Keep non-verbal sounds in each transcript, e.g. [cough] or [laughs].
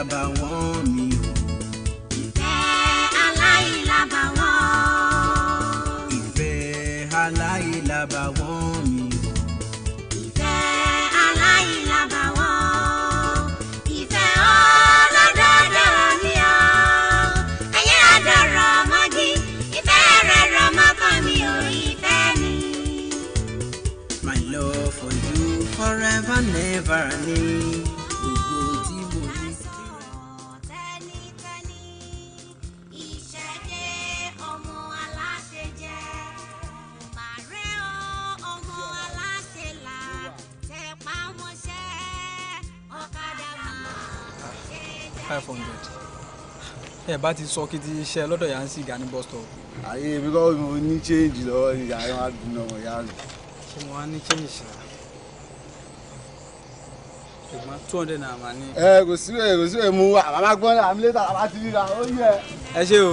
about what? bá ti sọ kí ti ṣe lọ́dọ̀ yà ń sì ga bus stop. àyè mi kọ́ mo ní change lọ́wọ́ ìyá ẹ máa dùn ọmọ ìyá mi. ṣé mo wá ní change ṣá ṣùgbọ́n two hundred naira máa ní. ẹ kò síbẹ̀ kò síbẹ̀ mú wa àmàgbọ́n àmì lẹ́tà àbá ti ríra ó yẹ. ẹ ṣé o.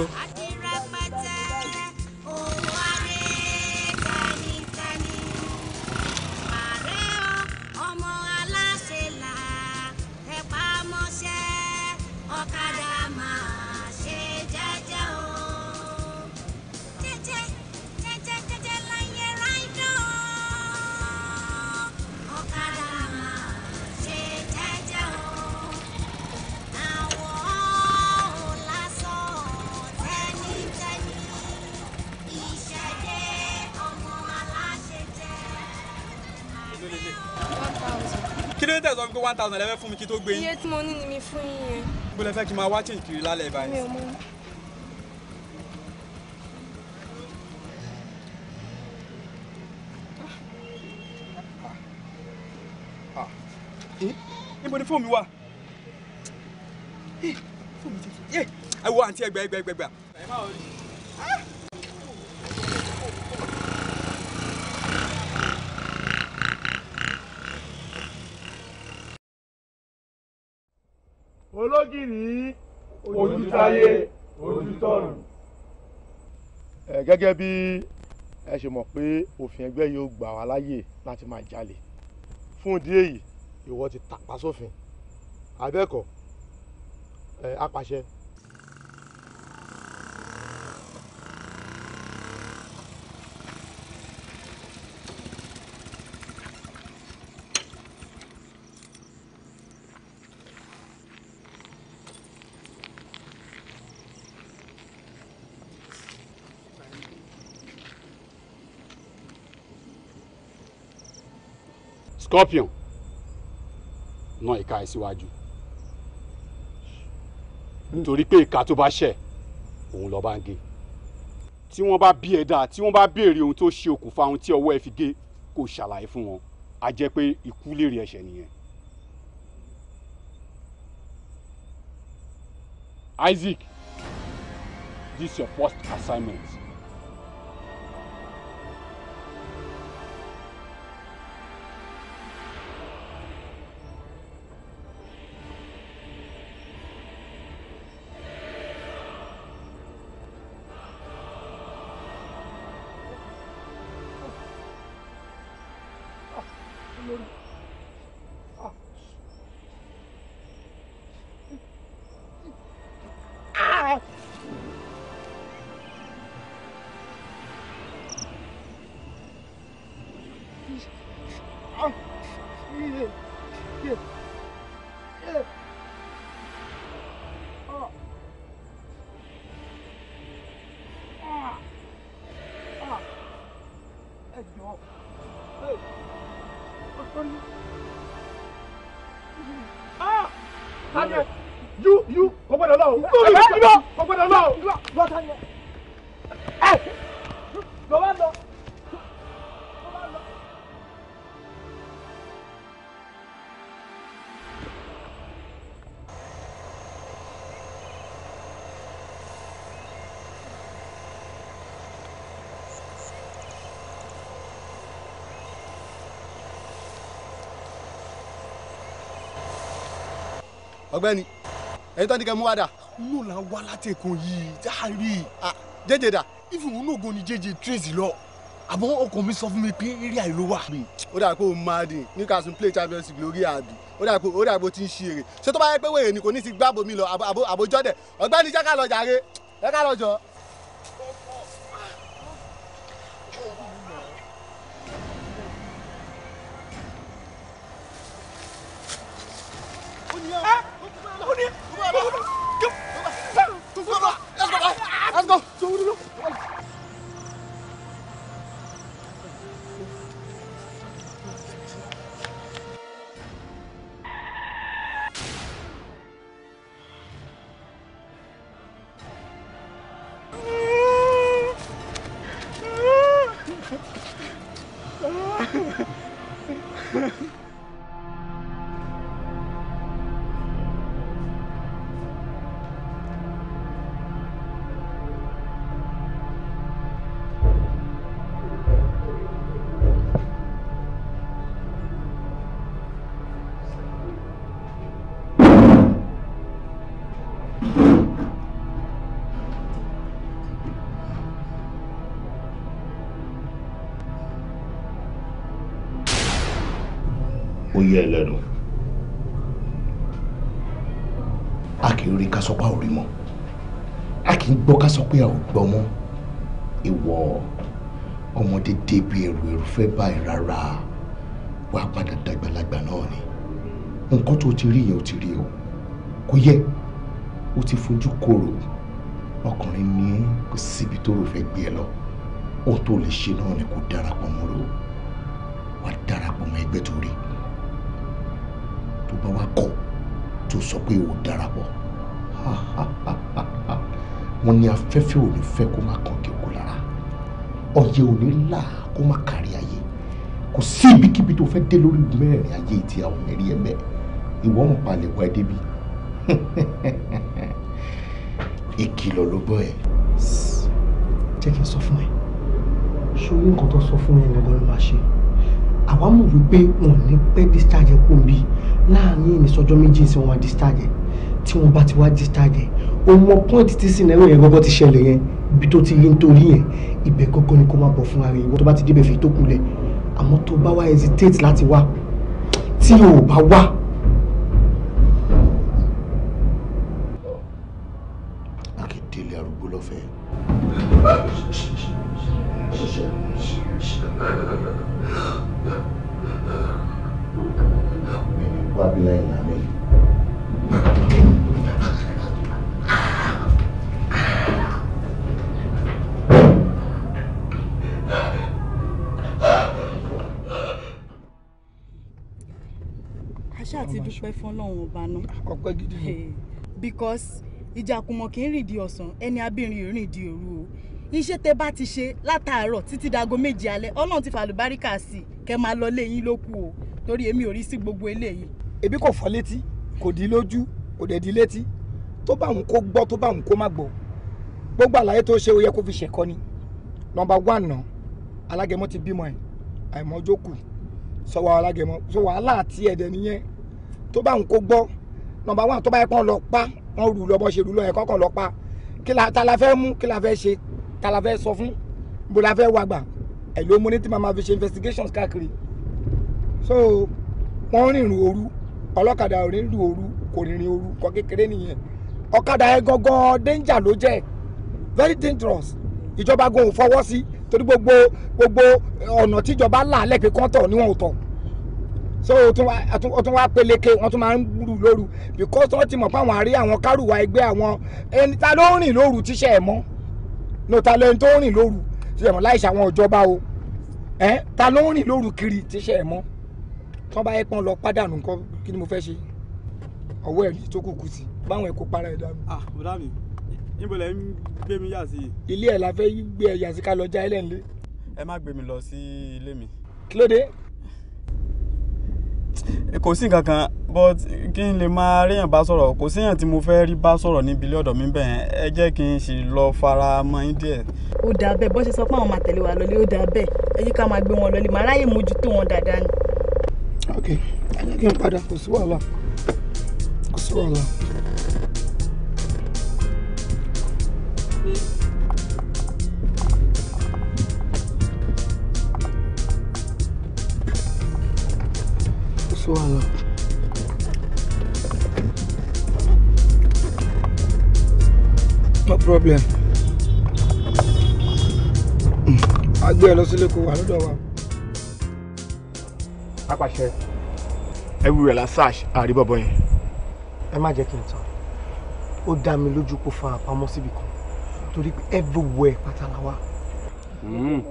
ló ń tẹ̀sán pé one thousand lẹ́fẹ̀ẹ́ fún mi kí tó gbé yín. iye tí mo ní ni mi fún yín yẹn. gbogbo lẹ fẹ́ kí n máa wá change kiri lálẹ́ báyìí. mi ò mọ. níbo ni fóònù mi wà eh, fóònù mi ti fi eh, ẹ wo àǹtí ẹgbẹ ẹgbẹ ẹgbẹ ẹgbẹ. Bágìrì ojútáyé ojútọ̀run. gẹ́gẹ́ bí ẹ ṣe mọ̀ pé òfin ẹgbẹ́ yóò gbà wá láyè láti máa jalè fún ìdí èyí ìwọ ti tàpá sófin abẹ́ẹ̀kọ́ apàṣẹ scorpion náà ìka ẹ̀ síwájú nítorí pé ìka tó bá ṣẹ̀ òun lọ́ọ́ bá ń gé tí wọ́n bá bí ẹ dáa tí wọ́n bá béèrè ohun tó ṣe okùnfà ohun tí ọwọ́ ẹ fi gé kó ṣàlàyé fún wọn a jẹ́ pé ikú lè rí ẹ̀ṣẹ̀ nìyẹn. Isaac, this is your first assignment. ọ̀gbẹ́ni ẹni tó ní kẹ mú wá dà inú là ń wá látẹ̀kùn yìí tá a rí i ah, jẹ́jẹ́ dà ìfún òun náà gan ni jẹ́jẹ́ tracy lọ àmọ́ ọkàn mi sọ fún mi pé eré àìló wà. Hmm, ó dà pé o máa dín ní kásùn play champions league lórí àbí ó dà pé ó dà pé o ti ń ṣe èrè ṣé tó bá yẹ pé wèrè ni kò ní ti gbá bomi lọ àbójọ́dẹ̀ ọ̀gbẹ́ni jẹ́ ká lọ jàre jẹ́ ká lọ jọ. ó yẹ ẹlẹ́nu a kì í rí ká sọ pé a ò rí mọ́ a kì í gbọ́ ká sọ pé a ò gbọ́ mọ́ ìwọ ọmọdé débi ẹrù ẹrù fẹ́ báyìí rárá wàá padà dàgbàlagbà náà ni nǹkan tó ti rí yẹn ó ti rí o kò yẹ ó ti fojú korò ọkùnrin ní kò síbi tó rò fẹ́ gbé ẹ lọ ó tó lè ṣe náà ni kò darapọ̀ mọ́ ro wá darapọ̀ mọ́ ẹgbẹ́ tó rí tó bá wá kọ̀ tó sọ pé ò darapọ̀ wọn ní afẹ́fẹ́ ò ní fẹ́ kó má kàn kí okó lára ọyẹ ò là kó má kárí ayé kò sí ibikíbi tó fẹ́ dé lórí mẹ́rin ayé tí a ò ní rí ẹ bẹ́ẹ̀ ìwọ ń palẹ̀ wá débi. [laughs] ìkìlọ̀ ló gbọ́ ẹ̀. jẹ́ kí n sọ fún ẹ ṣòro nǹkan tó sọ fún ẹ gbọ́dọ̀ ló máa ṣe àwa mọ̀ wípé wọn ò ní pẹ́ discharge kó n bí láàrin ìnísọjọ́ méjì sí wọn discharge tí wọn bá ti wá discharge ohun ọpọ́n títí sí náírà yẹn gbọ́gbọ́ ti ṣẹlẹ̀ yẹn ibi tó ti rí nítorí yẹn ibẹ̀ gọ́gọ́ ni kó má bọ̀ fún ara ìwọ tó bá ti débẹ̀ fi tó kulẹ̀ àmọ́ tó bá wá hesitate láti wá tí o ò bá wá ọpẹ́ fún Ọlọ́run ọba náà. ọpẹ́ gidi ni. because ìjàkùmọ̀ kì í rìn di ọ̀sán ẹni abìnrin rìn di òru o iṣẹ́ tẹ bá ti ṣe látàárọ̀ títí dago méje alẹ́ Ọlọ́run ti fàlùbáríkà sí kẹ máa lọ léyìn ló kù o torí èmi ò rí sí gbogbo eléyìí. ebi kò fọ́ létí kò dí lójú kò dẹ̀ dí létí tó bá òun kó gbọ́ tó bá òun kó má gbọ́ gbogbo àlàyé tó ṣe ó yẹ kó fi ṣẹ̀kọ́ ni nọmba one náà alágẹmọ ti bímọ ẹ àìmọ́jókù sọ wàhálà àti ẹ̀dẹ̀ nìyẹn tó bá ń kó gbọ́ nọ́mbà wà tó bá yẹ kán lọ pa wọ́n rù lọ bọ́ ṣe rù lọ yẹ kọ́kọ́ lọ pa kí la ta la fẹ́ mú kí la fẹ́ ṣe ta la fẹ́ sọ fún bó la fẹ́ wà gbà ẹ̀ ló ní tí màmá fi ṣe investigations káàkiri so wọ́n rìnrìn òru ọlọ́kadà ò rìnrìn òru kò rìnrìn òru kọ́ kékeré nìyẹn ọ̀kadà yẹn gangan danger ló jẹ́ very dangerous ìjọba gan ò fọwọ́ sí torí gbogbo gbogbo ọ̀nà tíjọba là lẹ́pẹ̀ẹ́ kọ́ńtọ̀ ni wọ́n ò tọ̀ so ó tún wá peléke wọ́n tún máa ń gbúrú lóru because wọ́n ti mọ̀ fáwọn àárí àwọn kárùwà ẹgbẹ́ àwọn ẹni ta ló ń rìn lóru tíṣẹ́ ẹ̀ mọ́ no ta lẹ́ni tó ń rìn lóru tíṣẹ́ ẹ̀ mọ́ láìsí àwọn ìjọba o ẹ̀ ta ló ń rìn lóru kiri tíṣẹ́ ẹ̀ mọ́ tọ́ bá yẹ pọ́n lọ pàdánù nǹkan kí ni mo fẹ́ ṣe ọwọ́ ẹ̀rí tó kù kù sí báwọn ẹ̀kọ́ para ẹ̀ dànù. ah bùdá mi níbo lẹ ń gbé mi yà sí. ilé ẹ̀ la fẹ́ gbé ẹ̀ yà sí ká lọ já ẹ̀ ẹ má gbé mi lọ sí ilé mi. kí kò sí nǹkan kan but kí n lè máa ríyàn bá sọ̀rọ̀ kò síyàn tí mo fẹ́ rí bá sọ̀rọ̀ níbi ilé ọ̀dọ̀ mi bẹ́ẹ̀ ẹ jẹ́ kí n sì lọ fara mọ́ yín díẹ̀. ó dáa bẹ́ẹ̀ bó ṣe sọ pé àwọn máa tẹ̀lé wa lọlé ó dáa bẹ́ẹ̀ ẹ jẹ́ ká máa gbé wọn lọlé màá ráyè mójútó wọn dáadáa ni. ok ẹ jẹ́ kí n padà kò sí wàhálà kò sí wàhálà. sí problem. Hmm, a gbé ẹ lọ sílé kó wà lọ́dọ̀ wa. apàṣẹ ẹrú rẹ̀ la sash àríbọ̀bọ̀ yẹn. ẹ má jẹ́ kí n tán ó dá mi lójú kó fa àpamọ́ síbi kan torí pé everywhere pátá la wà. Hmm.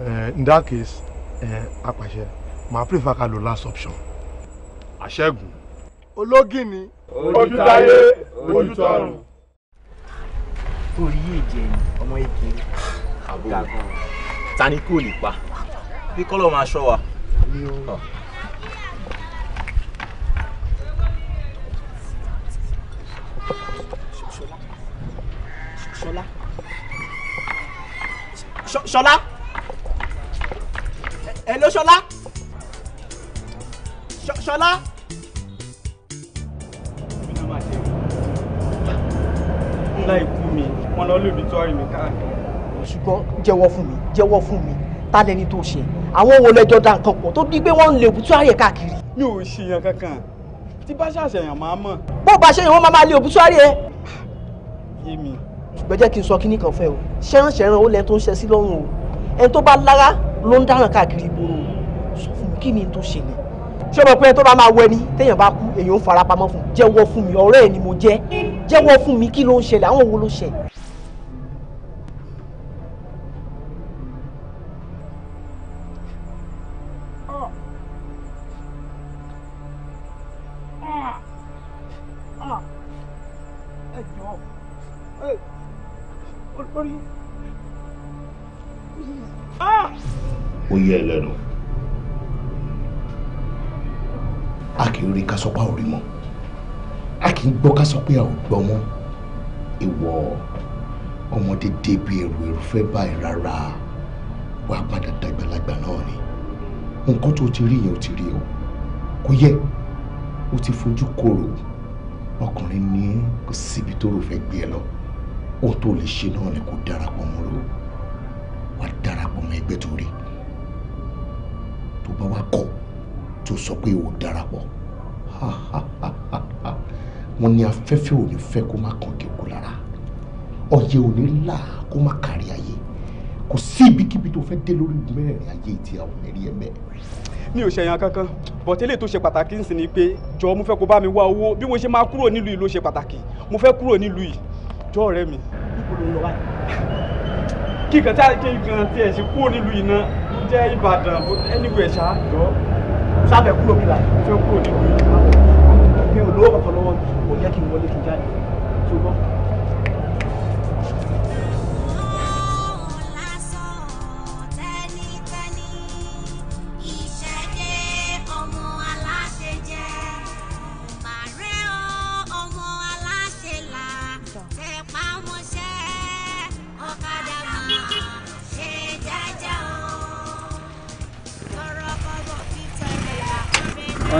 Eh, in that case eh, apàṣẹ màá prefer ká lo last option àṣẹ́gun. ológìní ojútáyé ojútọ́run. orí èjẹ ni ọmọ ìkiri àbúrò ta ni kò lè pa bí kọ́lọ́ máa ṣọ́ wa. Ṣọlá Ṣọlá hello Ṣọlá ṣọlá. ńlá ikú mi wọn lọ lóbi tó rí mi káàkiri. ṣùgbọ́n jẹ́wọ́ fún mi jẹ́wọ́ fún mi ta lẹni tó ṣe àwọn wo lẹjọ da nǹkan pọ̀ tó di pé wọ́n ń lè òbútúárì ẹ̀ káàkiri. mi ò ṣèyàn kankan tí bá ṣàṣeyàn máa mọ̀. bó o bá ṣèyàn wọn máa máa lè òbútúárì ẹ. yé mi. ṣùgbọ́n jẹ́ kí n sọ kínní kan fẹ́ o ṣẹ́ràn ṣẹ́ràn ó lẹ tó ń ṣe sí lọ́rùn o ẹni tó bá lára ló ń dáràn káàkiri ìgboro sọ fún mi kí ni tó ṣe ni ṣé mo pé tó bá máa wọ ẹni téèyàn bá kú èèyàn ń farapamọ́ fún jẹ́wọ́ fún mi ọ̀rẹ́ ẹ̀ ni mo jẹ́ jẹ́wọ́ fún mi kí ló ń ṣẹlẹ̀ àwọn wo ló ṣẹlẹ̀. fẹ́ báyìí rárá wàá padà dàgbàlagbà náà ni nǹkan tó ti rí yẹn ó ti rí o kò yẹ ó ti fojú kòrò ọkùnrin ní kò síbi tó rò fẹ́ gbé ẹ lọ ohun tó lè ṣe náà ni kò darapọ̀ mọ́ lò wàá darapọ̀ mọ́ ẹgbẹ́ tó rí tó bá wá kọ̀ tó sọ pé ò darapọ̀ wọ́n ní afẹ́fẹ́ ò fẹ́ kó má kàn kí kú lára ọyẹ ò là kó má kárí ayé kò sí ibikíbi tó fẹ́ dé lórí mẹ́rẹ̀ẹ̀rin ayé tí a ò ní rí ẹ̀mẹ́. mi ò ṣẹ̀yàn kankan bọ̀tẹ́ lè tó ṣe pàtàkì ń sìn ni pé jọ mo fẹ́ kó bá mi wá owó bí mo ṣe máa kúrò nílùú yìí ló ṣe pàtàkì mo fẹ́ kúrò nílùú yìí jọ ọ̀rẹ́ mi. kí nǹkan tí a kí nǹkan tí ẹ̀ ṣe kúrò nílùú yìí náà ló jẹ́ Ìbàdàn ẹnìwò ẹ̀ṣá jọ sábẹ̀ kúrò mi là mo fẹ́ kúrò nílùú yìí. mi ò lówó kọ̀ọ̀kan lọ́wọ́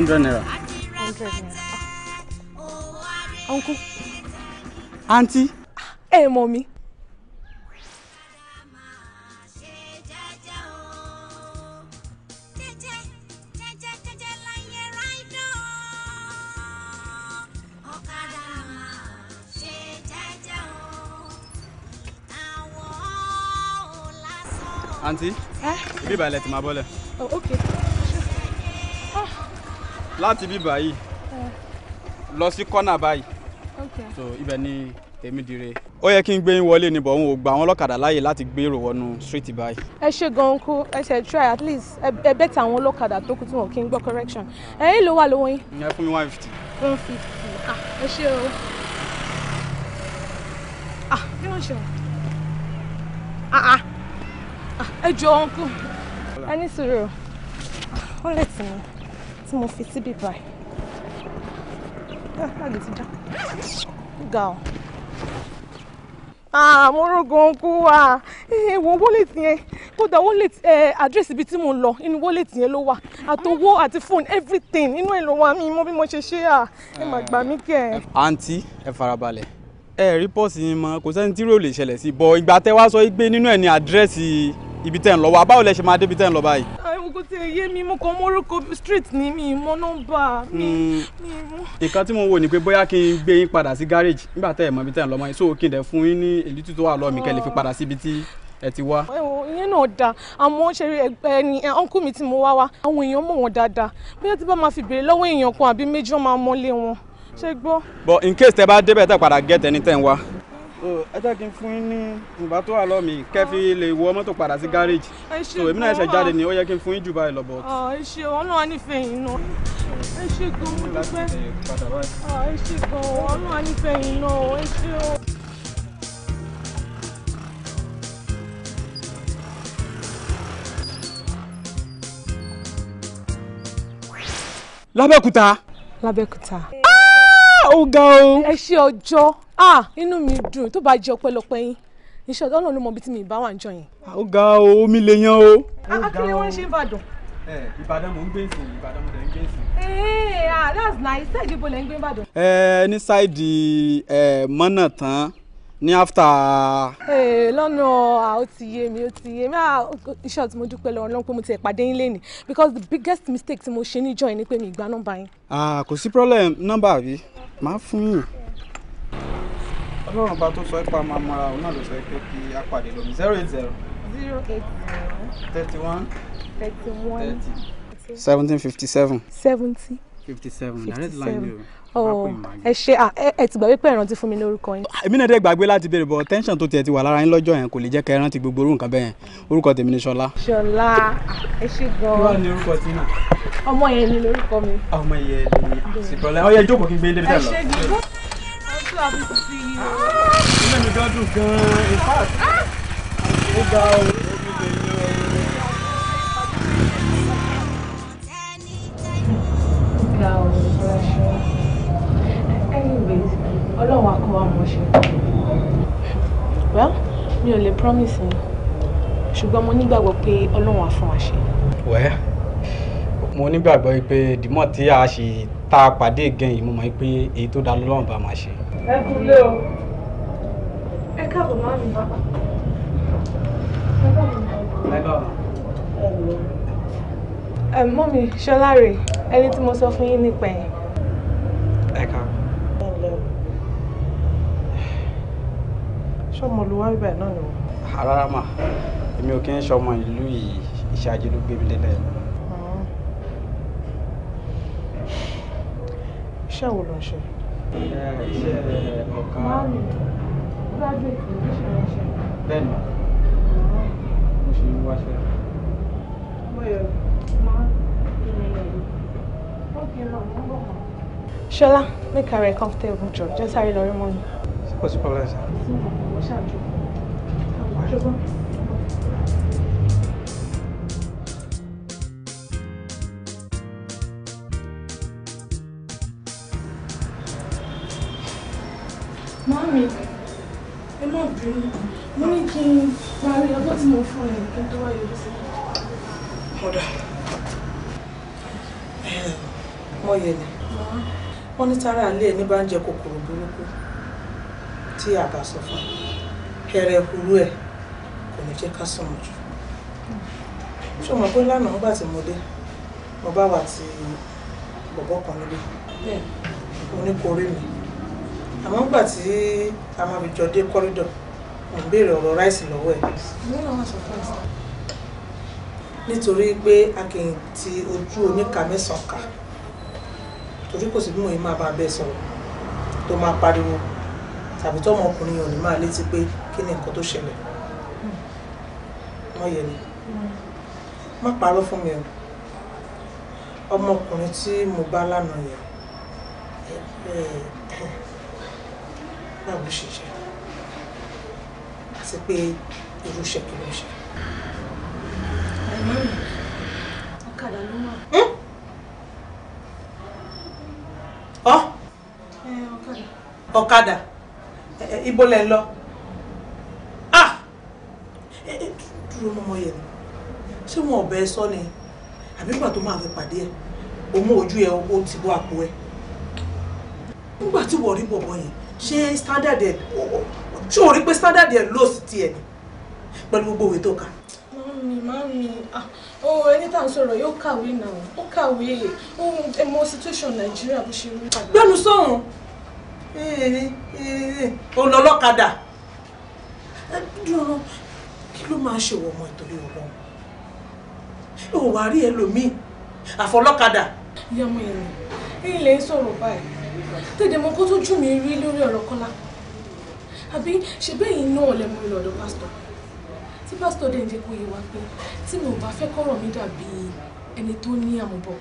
hundred naira. hundred naira. uncle. aunty. ẹ mọ mi. aunty. Eh? ibi ìbàlẹ̀ tí máa bọ́lẹ̀. Oh, ok láti bí báyìí lọ sí kọ́nà báyìí so ibẹ̀ ni èmi dire. ó yẹ kí n gbé yín wọlé ni bọ̀ n ò gba àwọn ọlọ́kadà láàyè láti gbèrò wọnú street báyìí. ẹ ṣe gan-an kó ẹ ṣe try at least ẹ bẹ́ẹ̀ tí àwọn ọlọ́kadà tó kù tí wọn kì í gbọ́ correction ah. ẹ yín ló wà lọ́wọ́ yín. ẹ fún mi one fifty. one fifty ah ẹ ah, ṣe o ah bí wọ́n ṣe ah ah ẹ jọ ọ̀nkú ẹ ní sùúrù ah, ó lè tì mí tí mo fi síbí báyìí ah, láàgbé ti já ga ọ. àmúrógun ah, kú wa èèwọ̀ eh, wọ́lẹ̀tì yẹn kódà wọ́lẹ̀tì àdírẹ́sì eh, ibi tí mo lọ inú wọ́lẹ̀tì yẹn ló wà àtowó àti fóònù everything inú ẹ̀ ló wà mí mọ́ bí mo ṣe ṣe à ah. ẹ mà gbà mí kẹ́. àǹtí ẹ farabalẹ̀ ẹ rí pọ́ọ̀sì yín mọ́ kò sẹ́ni tí rò lè ṣẹlẹ̀ sí bọ̀ ìgbà tẹ́ wá sọ gbé nínú ẹ̀ ní àdírẹ́sì ibi tẹ́ ń lọ wà báwo lẹ ṣe máa débi tẹ́ ń lọ báyìí ti yé mi mo kàn mórúkọ street ní mi mọ nọ́mbà mi. ìkan hmm. tí mo wò ni pé bóyá kí n gbé yín padà sí gáréèjì nígbà tẹ́ ẹ̀ mọ ibi tẹ́ ẹ̀ lọ́mọ yín so kí n dẹ̀ fún yín ní èlú tó wà lọ́ọ̀ mi kẹ́ lè fi padà síbi tí ẹ ti wá. ìyẹn náà dáa àmọ́ ṣeré ẹgbẹ́ ni ọ̀nkú mi tí mo wá wá àwọn èèyàn mọ̀ wọ́n dáadáa bóyá tí bá máa fi béèrè lọ́wọ́ èèyàn kan àbí méjì wọ́n máa mọ́lé wọn ṣé gbọ́. but in case tẹ bá débẹ̀ tẹ get anything wá so ẹ jẹ́ kí n fún yín ní ìgbà tó wà lọ́ mi kẹ́ lè wọ mọ́tò padà sí gáréèjì so èmi náà ṣe jáde ni ó yẹ kí n fún yín jù báyìí lọ ẹ ṣe ọlọ́run á nífẹ̀ẹ́ yín náà ẹ ṣe gan mo dúpẹ́ ẹ ṣe gan ọlọ́run á nífẹ̀ẹ́ yín náà ẹ ṣe o. lábẹ́kúta. lábẹ́kúta ó ga o. ẹ ṣe ọjọ́ ah, inú mi dùn tó bá jẹ́ ọpẹ́lọpẹ́ yín iṣẹ́ ọ̀dọ́ náà ló mọ ibi tí mi bá wà ń jọ yẹn. Ah, ó ga o omi lè yan o. akíní ah, wọn ṣe ń bàdàn. ẹ ìbàdàn mò ń gbé ìsìn ìbàdàn mò ń gbé ìsìn. ee eh, ah that's nice ṣáà ìdìbò lẹ́ ń gbé ìbàdàn. ẹ ní ṣáìdì ẹ mọ́nà tán ní after. ee eh, lọ́nà ó ti yé mi ó ti yé mi iṣẹ́ ọ̀tí mo dúpẹ́ lọ́wọ́ lọ́n pé mo ti ẹ̀ pàdé yín lẹ́nìí because the biggest mistake tí mo ṣe níjọ́ yẹn ni pé mi ìgbà nọ́mbà yín. ah kò sí problem number yìí máa fún yín. ọlọ́run bá tó sọ ipa máa mọ́ra òun náà ló sọ pé kí a pàdé lómi zero eight zero. zero eight zero. thirty one. thirty one. seventeen fifty seven. seventy. fifty seven. fifty seven oh, ẹ ṣe ah, ẹ ti gbàgbé pé ìrántí fún mi lórúkọ yín. Ah, èmi náà dẹ́ gbàgbé láti béèrè bọ̀ tẹ́ńsán tó tiẹ̀ ti wà lára yín lọ́jọ́ yẹn kò lè jẹ́ kẹ́ rántí gbogbo orú nǹkan bẹ́ẹ̀ yẹn orúkọ tèmi ni ṣọlá. ṣọlá ah, ẹ ṣe gan-an. kí ní orúkọ tí náà ọmọ yẹn ni lórúkọ mi. ọmọ yẹn ni sibọlá ọyẹ jókòó kí n gbé débi tẹ lọ. ẹ ṣe kí ló tún àbí sí i o. ilé mi gan dùn gan-an in fact ó ga o. ọlọ́run akọ wa mọ̀ ṣe. well mi ò lè promise yín ṣùgbọ́n mo nígbàgbọ́ pé ọlọ́run á fún wa ṣe. wẹ́ẹ́ mo nígbàgbọ́ pé dìmọ̀ tí a ṣe tá pàdé gan yìí mo mọ̀ pé èyí tó dá lọ́wọ́ bá máa ṣe. ẹ kúlé o ẹ káàbọ̀ máa mi bàbá. ẹ mọ́ mi ṣọláre ẹni tí mo sọ fún yín nípa ẹ̀. ẹ káàbọ̀. ṣọmọ olùwà ibẹ̀ náà ni wọ́n. rárá mà èmi ò kí ń ṣọmọ ìlú yìí iṣẹ́ ajé ló gbé mi lélẹ̀ iṣẹ́ wo ló ń ṣe. iṣẹ́ ọ̀ka eh, graduate ní iṣẹ́ ránṣẹ́. bẹ́ẹ̀ni mo ṣe ń wáṣẹ́. Ṣọlá, make her a comfortable job. Just hurry, Lori, money. What's the problem, sir? mi ẹ má bínú mo ní kí n parí ọjọ́ tí mo fún ẹ kí n tó wá yọjú sí. mọ̀dà mọ yẹlẹ wọ́n ní tára alẹ́ ní bá ń jẹ kòkòrò burúkú tí a bá sọ fún ẹrẹ hurú ẹ kò ní jẹ́ ká sọ̀rọ̀ jù ṣé o mọ̀ lánàá nígbà tí mo dé mo bá wà tí bọ̀bọ̀ kan níbí mo ní kó rí mi àmọ́ nígbà tí a máa fi jọ dé kọ́rídọ̀ mo ń béèrè ọ̀rọ̀ ráìsì lọ́wọ́ ẹ̀. nítorí pé a kì í ti ojú oníka mẹ́sàn-án kà torí kò sí bí mo yìí máa bá bẹ́ẹ̀ sọ̀rọ̀ tó máa pariwo tàbí tó ọmọkùnrin ò ní máa létí pé kí ni nǹkan tó ṣẹlẹ̀ wọ́n yẹ ni má parọ́ fún mi o ọmọkùnrin tí mo bá lánàá yẹn báwo ṣe jẹ́ àti pé irú iṣẹ́ kí ló ń ṣe. ọ̀kadà ló wà. Hmm? ọ́ ọ̀kadà ibo lẹ̀ ń lọ ah! dúró mọ́mọ yẹn ṣé wọn ọ̀bẹ sọ ni àbí nígbà tó máa fẹ́ pàdé ẹ̀ òun ojú ẹ̀ ó ti bọ́ àpò ẹ̀ nígbà tí wọ́n rí bọ̀bọ̀ yẹn ṣé standard ẹ̀ ṣé o rí pé standard ẹ̀ lò sí tiẹ̀ ni pẹ̀lú gbogbo òwe tó kà. mami mami ohun ẹni tá à ń sọ̀rọ̀ yóò kàwé náà ó kàwé ohun ẹmọ situation nàìjíríà bó ṣe rí. gbẹ́nu sọ̀rùn òun lọ́lọ́kadà kí ló máa ṣèwọ̀ ọmọ ìtòlẹ́ ọlọ́run ò wá rí ẹlòmíì àfọlọ́kadà. ìyá ọmọ ìrìn ilé ń sọ̀rọ̀ báyìí tẹ̀dẹ̀ mọ́ kó tó jù mí rí lórí ọ̀rọ̀ Kọ́lá àbí ṣe bẹ́ẹ̀ yín náà lẹ́mú mi lọ́dọ̀ pásítọ̀ tí pásítọ̀ dẹ̀ ń jẹ́ kó yé wa pé tí mi ò bá fẹ́ kọ́rọ̀ mi dàbí ẹni tó ní àmúbọ̀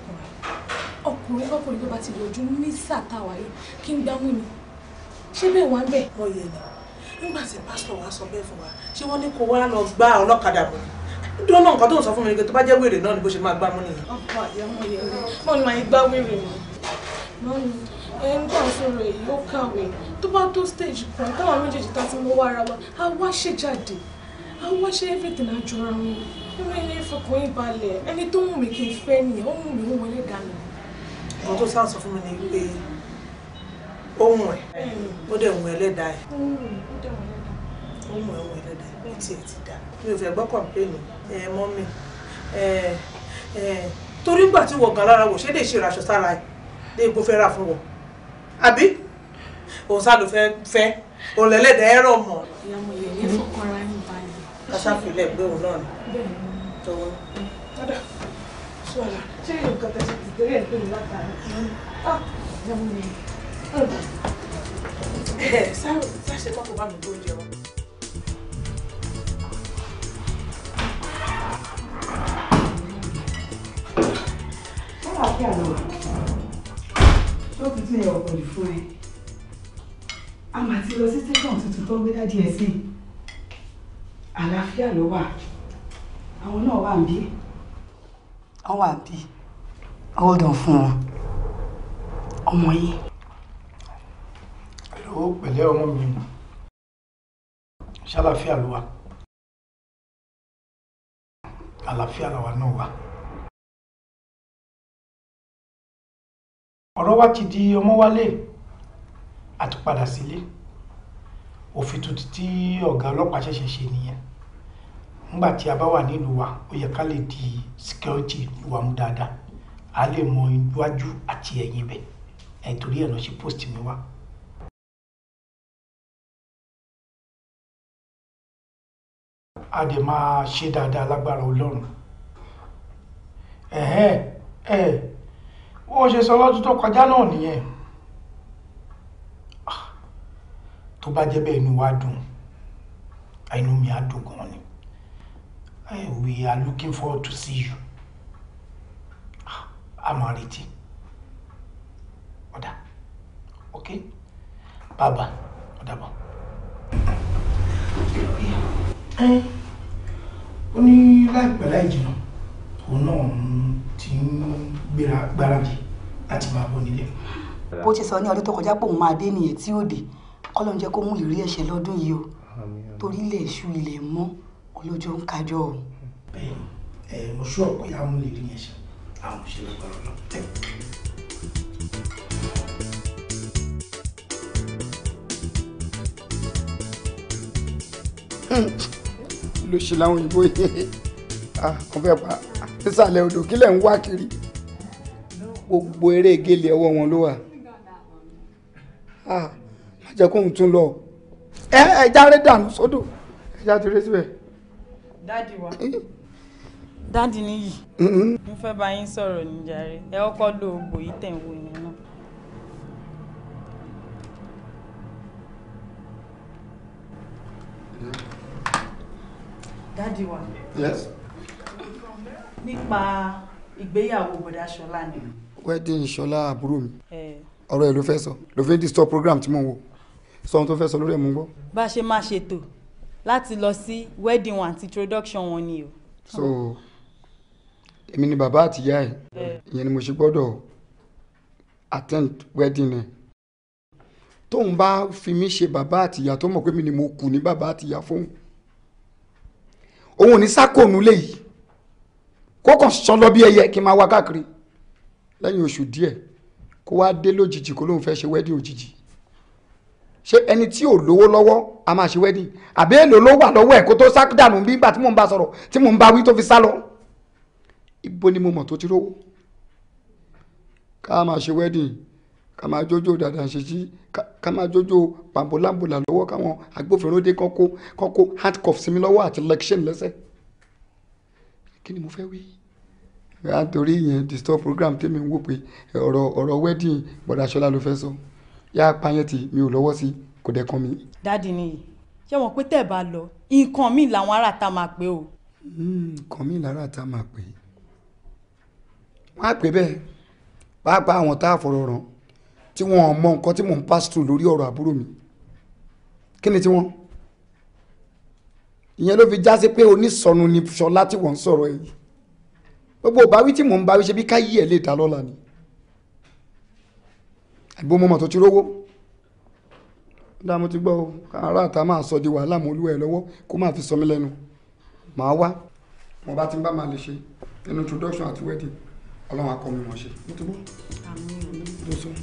ọkùnrin ọkùnrin lọ́kùnrin tó bá ti lọ́jú ní sàtàwá yìí kí n gbámú mi ṣé bẹ́ẹ̀ wá ń bẹ̀. wọ́n yẹ ni nígbà tí pásítọ̀ wa sọ bẹ́ẹ̀ fún wa ṣé wọ́n ní kó wá lọ gbá ọlọ́kadà bọ̀ dúró náà nǹkan tó ń sọ fún mi ni pé tó bá jẹ́ wèrè náà ni bó ṣe máa gbámú nìyẹn. ọkọ àyẹ̀wò yẹn mọ́ni máa gbá wèrè mọ́ ẹ ń gbà sọ̀rọ̀ èyí ó kàwé tó bá tó stage kan táwọn méjèèjì ta ti mú wá ara wa á wá ṣe jáde á wá ṣe everything àjọra wọn nínú ilé ìfọkàn yìí balẹ̀ ẹni tó wù mí kì í fẹ́ nìyẹn ó wù mí ó wọlé dànù. ìwọ tó sá sọ fún mi ni pé ó wù ẹ ó dẹ̀ wù ẹ lẹ́dàá ẹ ó wù ẹ wù ẹ lẹ́dàá ẹ ó tiẹ̀ ti dà mi ò fẹ́ gbọ́ kọ̀ǹpẹ́ẹ̀nì ẹ mọ́ mi ẹ ẹ torí gbà tí wọ̀ gan lára wò ṣé lè ṣe ìràṣọ sára ẹ lè gbó fẹ́ rà fún wọn àbí òun sá ló fẹ́ fẹ́ òun lẹ́lẹ́dẹ̀ ẹ̀rọ mọ̀. kásáfìlẹ̀ gbé òun náà ni. tọwọ́. ọ̀dà sọ̀rọ̀ ṣé mi látara. ah ìyá mo yẹ tó tuntun yẹn ọ̀pọ̀ jù fún ẹ a máa ti lọ sí tẹsán tuntun tó gbé dádì ẹ sí àlàáfíà ló wà àwọn náà wà ń bí. wọ́n wà bí hold on fún wọn ọmọ yìí. ó pẹ̀lẹ́ ọmọ mi ṣàlàáfíà ló wà àlàáfíà làwa náà wà. ọ̀rọ̀ wa ti di ọmọwálé àtúpadà sílé òfin tuntun tí ọ̀gá ọlọ́pàá ṣẹ̀ṣẹ̀ ṣe nìyẹn nígbà tí a bá wà nílùú wa ó yẹ ká lè di security ìwà mú dáadáa a lè mọ iwájú àti ẹ̀yìn bẹ̀ ẹ̀ torí ẹ̀ lọ ṣe post mi wá. a dẹ̀ máa ṣe dáadáa lágbára ọlọ́run ẹ̀hẹ́ ẹ̀ ó ṣe sọ lọ́dún tó kọjá náà nìyẹn ah, tó bá jẹ́ bẹ́ẹ̀ inú wa dùn inú mi á dùn gan ni we are looking forward to see you ah, a máa retí ọ̀dà ok bàbá ọ̀dà bọ̀. ó ní láìpẹ́ láì jìnnà òun náà ń ti ń gbéra gbáradì láti máa bọ̀ nílé. bó ti sọ ní ọdún tó kọjá pòun máa dé nìyẹn tí ó dé kọ́lọ́n jẹ́ kó mú ìrí ẹ̀ṣẹ̀ lọ́dún yìí o torí ilẹ̀ ṣú ilẹ̀ mọ́ olójó ń kájọ o. ẹ mo ṣú ìyá mú lè rí yẹn ṣe àwọn òṣèlú gbọ́dọ̀ lọ tẹ̀. ló ṣe láwọn òyìnbó yẹn [laughs] ah wọ́n fẹ́ pa sísàlẹ̀ odò kílẹ̀ ń wá kiri gbogbo eré gèlè ọwọ́ wọn ló wà ah, má jẹ́ kóun tún lọ ẹ ẹ járe dànù sódò ẹ já ti rí síbẹ̀. dáàdi wa dáàdi níyì mm-hmm. mo fẹ́ bá yín sọ̀rọ̀ níjàre ẹ kọ́kọ́ lo ògbò yìí tẹ̀ ń wo yẹn náà. dáàdi wa. yes nípa ìgbéyàwó bọ̀dá ṣọlá ni. wedding ṣọlá àbúrò mi ọ̀rọ̀ ẹ̀ ló fẹ́ sọ ló fi ń disturb program tí mò ń wò sọ ohun tó fẹ́ sọ lórí ẹ̀ mú gbọ́. bá a ṣe máa ṣètò láti lọ sí wedding wọn àti introduction wọn ni o. so èmi ni bàbá àtìyá ẹ ìyẹn ni mo ṣe gbọ́dọ̀ attend wedding ẹ tóun bá fi mí ṣe bàbá àtìyá tó mọ̀ pé mi ni mo kù ní bàbá àtìyá fóun òun ò ní sákòónú léyìí kó kàn sọ lọ bí ẹyẹ kí n máa wá káàkiri lẹ́yìn oṣù díẹ̀ kó wá dé lójijì kó lóun fẹ́ ṣe wẹ́dí òjijì ṣé ẹni tí ò lówó lọ́wọ́ a máa ṣe wẹ́dí àbí èlò ló wà lọ́wọ́ ẹ̀ kó tó sákúdànù bí ìgbà tí mò ń bá sọ̀rọ̀ tí mò ń bá wí tó fi sá lọ. ibo ni mo mọ̀ tó ti rówó ká máa ṣe wẹ́dí ká máa jójó dàdà ṣèṣí ká máa jójó pàǹbólàǹbólà lọ́wọ́ káwọn agbófinró dé kọ́kọ́ kọ́kọ́ handcuff sí mi lọ́wọ́ àti lẹ́kṣẹ́n lẹ́sẹ̀ kí ni mo fẹ́ wí a torí ìyẹn disturb program tèmi ń wò pé ọ̀rọ̀ ọ̀rọ̀ wedding bọ̀dá aṣọ́lá ló fẹ́ sọ yá apáyẹn tí mi ò lọ́wọ́ sí kò dẹ̀ kan mi. dáàdi nìyí ṣé wọn pé tẹ́ ẹ bá lọ nǹkan míì làwọn ará ta máa pè o. Hmm, nǹkan míì lára ta máa pè wọ́n á pè bẹ́ẹ̀ pàápàá àwọn tá a fọ̀rọ̀ ràn tí wọ́n mọ nǹkan tí mò ń pass through lórí ọ̀rọ̀ àbúrò mi kí ni tiwọn ìyẹn ló fi já sí pé onísọnu ni ṣọlá tí wọ́n ń sọ̀rọ̀ yìí gbogbo ìbáwí tí mò ń báwí ṣe bí ká yí ẹ̀ lè ta lọ́la ni àbí mo mọ̀ tó ti rówó dáa mo ti gbọ́ ará àta máa sọ di wàhálà mo olúwa ẹ̀ lọ́wọ́ kó má fi sọ mí lẹ́nu màá wá mo bá ti ń bá máa lè ṣe nínú introduction àti wedding ọlọ́run akọ mi mọ̀ ṣe mo ti gbọ́.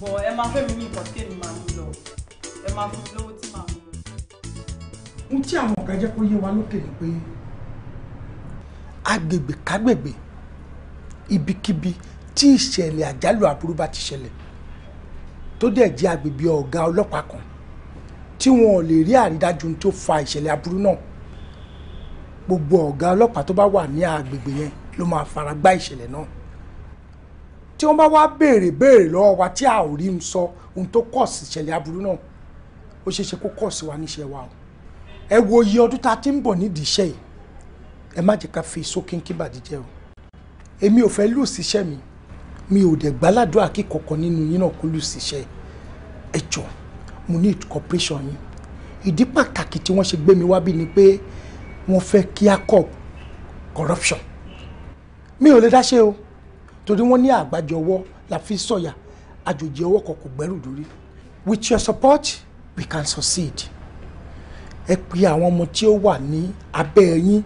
bọ̀ ẹ máa fẹ́ mi ní ìkọ́ tí èmi máa ń lọ ẹ máa fún mi lówó tí màá mú lọ. ohun tí àwọn ọ̀gá jẹ́ kó yé wa lókè ni pé agbègbè kágbègbè ibikíbi tí ìṣẹ̀lẹ̀ àjálù aburú bá ti ṣẹlẹ̀ tó dẹ̀ jẹ́ agbègbè ọ̀gá ọlọ́pàá kan tí wọn ò lè rí àrídájú tó fa ìṣẹ̀lẹ̀ aburú náà gbogbo ọ̀gá ọlọ́pàá tó bá wà ní agbègbè yẹn ló máa fara gbá ìṣẹ̀lẹ̀ náà tí wọ́n bá wá béèrè béèrè lọ́wọ́ wa tí a ò rí ń sọ ohun tó kọ̀ sí ìṣẹ̀lẹ̀ aburú náà ó ṣeé ṣe kó kọ̀ sí wa níṣẹ́ wa o ẹ wo iye ọdún tá a ti ń bọ̀ nídìí iṣẹ́ yìí ẹ má jẹ́ ká fi sókínkín bàdí jẹ́ o èmi ò fẹ́ lù mi mi ò dẹ̀ gbáládùn àkíkọ̀kọ̀ nínú yín náà kó lù síṣẹ́ ẹ jọ mo ní cooperation yín ìdí pàtàkì tí wọ́n ṣe gbé mi wá ni pé wọ́n fẹ́ kí a kọ̀ corruption mi ò lè dáṣe o torí wọ́n ní àgbájọ ọwọ́ la fi sọ̀yà àjòjì ọwọ́ kan kò gbẹ́rù dórí with your support we can succeed ẹ pe àwọn ọmọ tí ó wà ní abẹ́ yín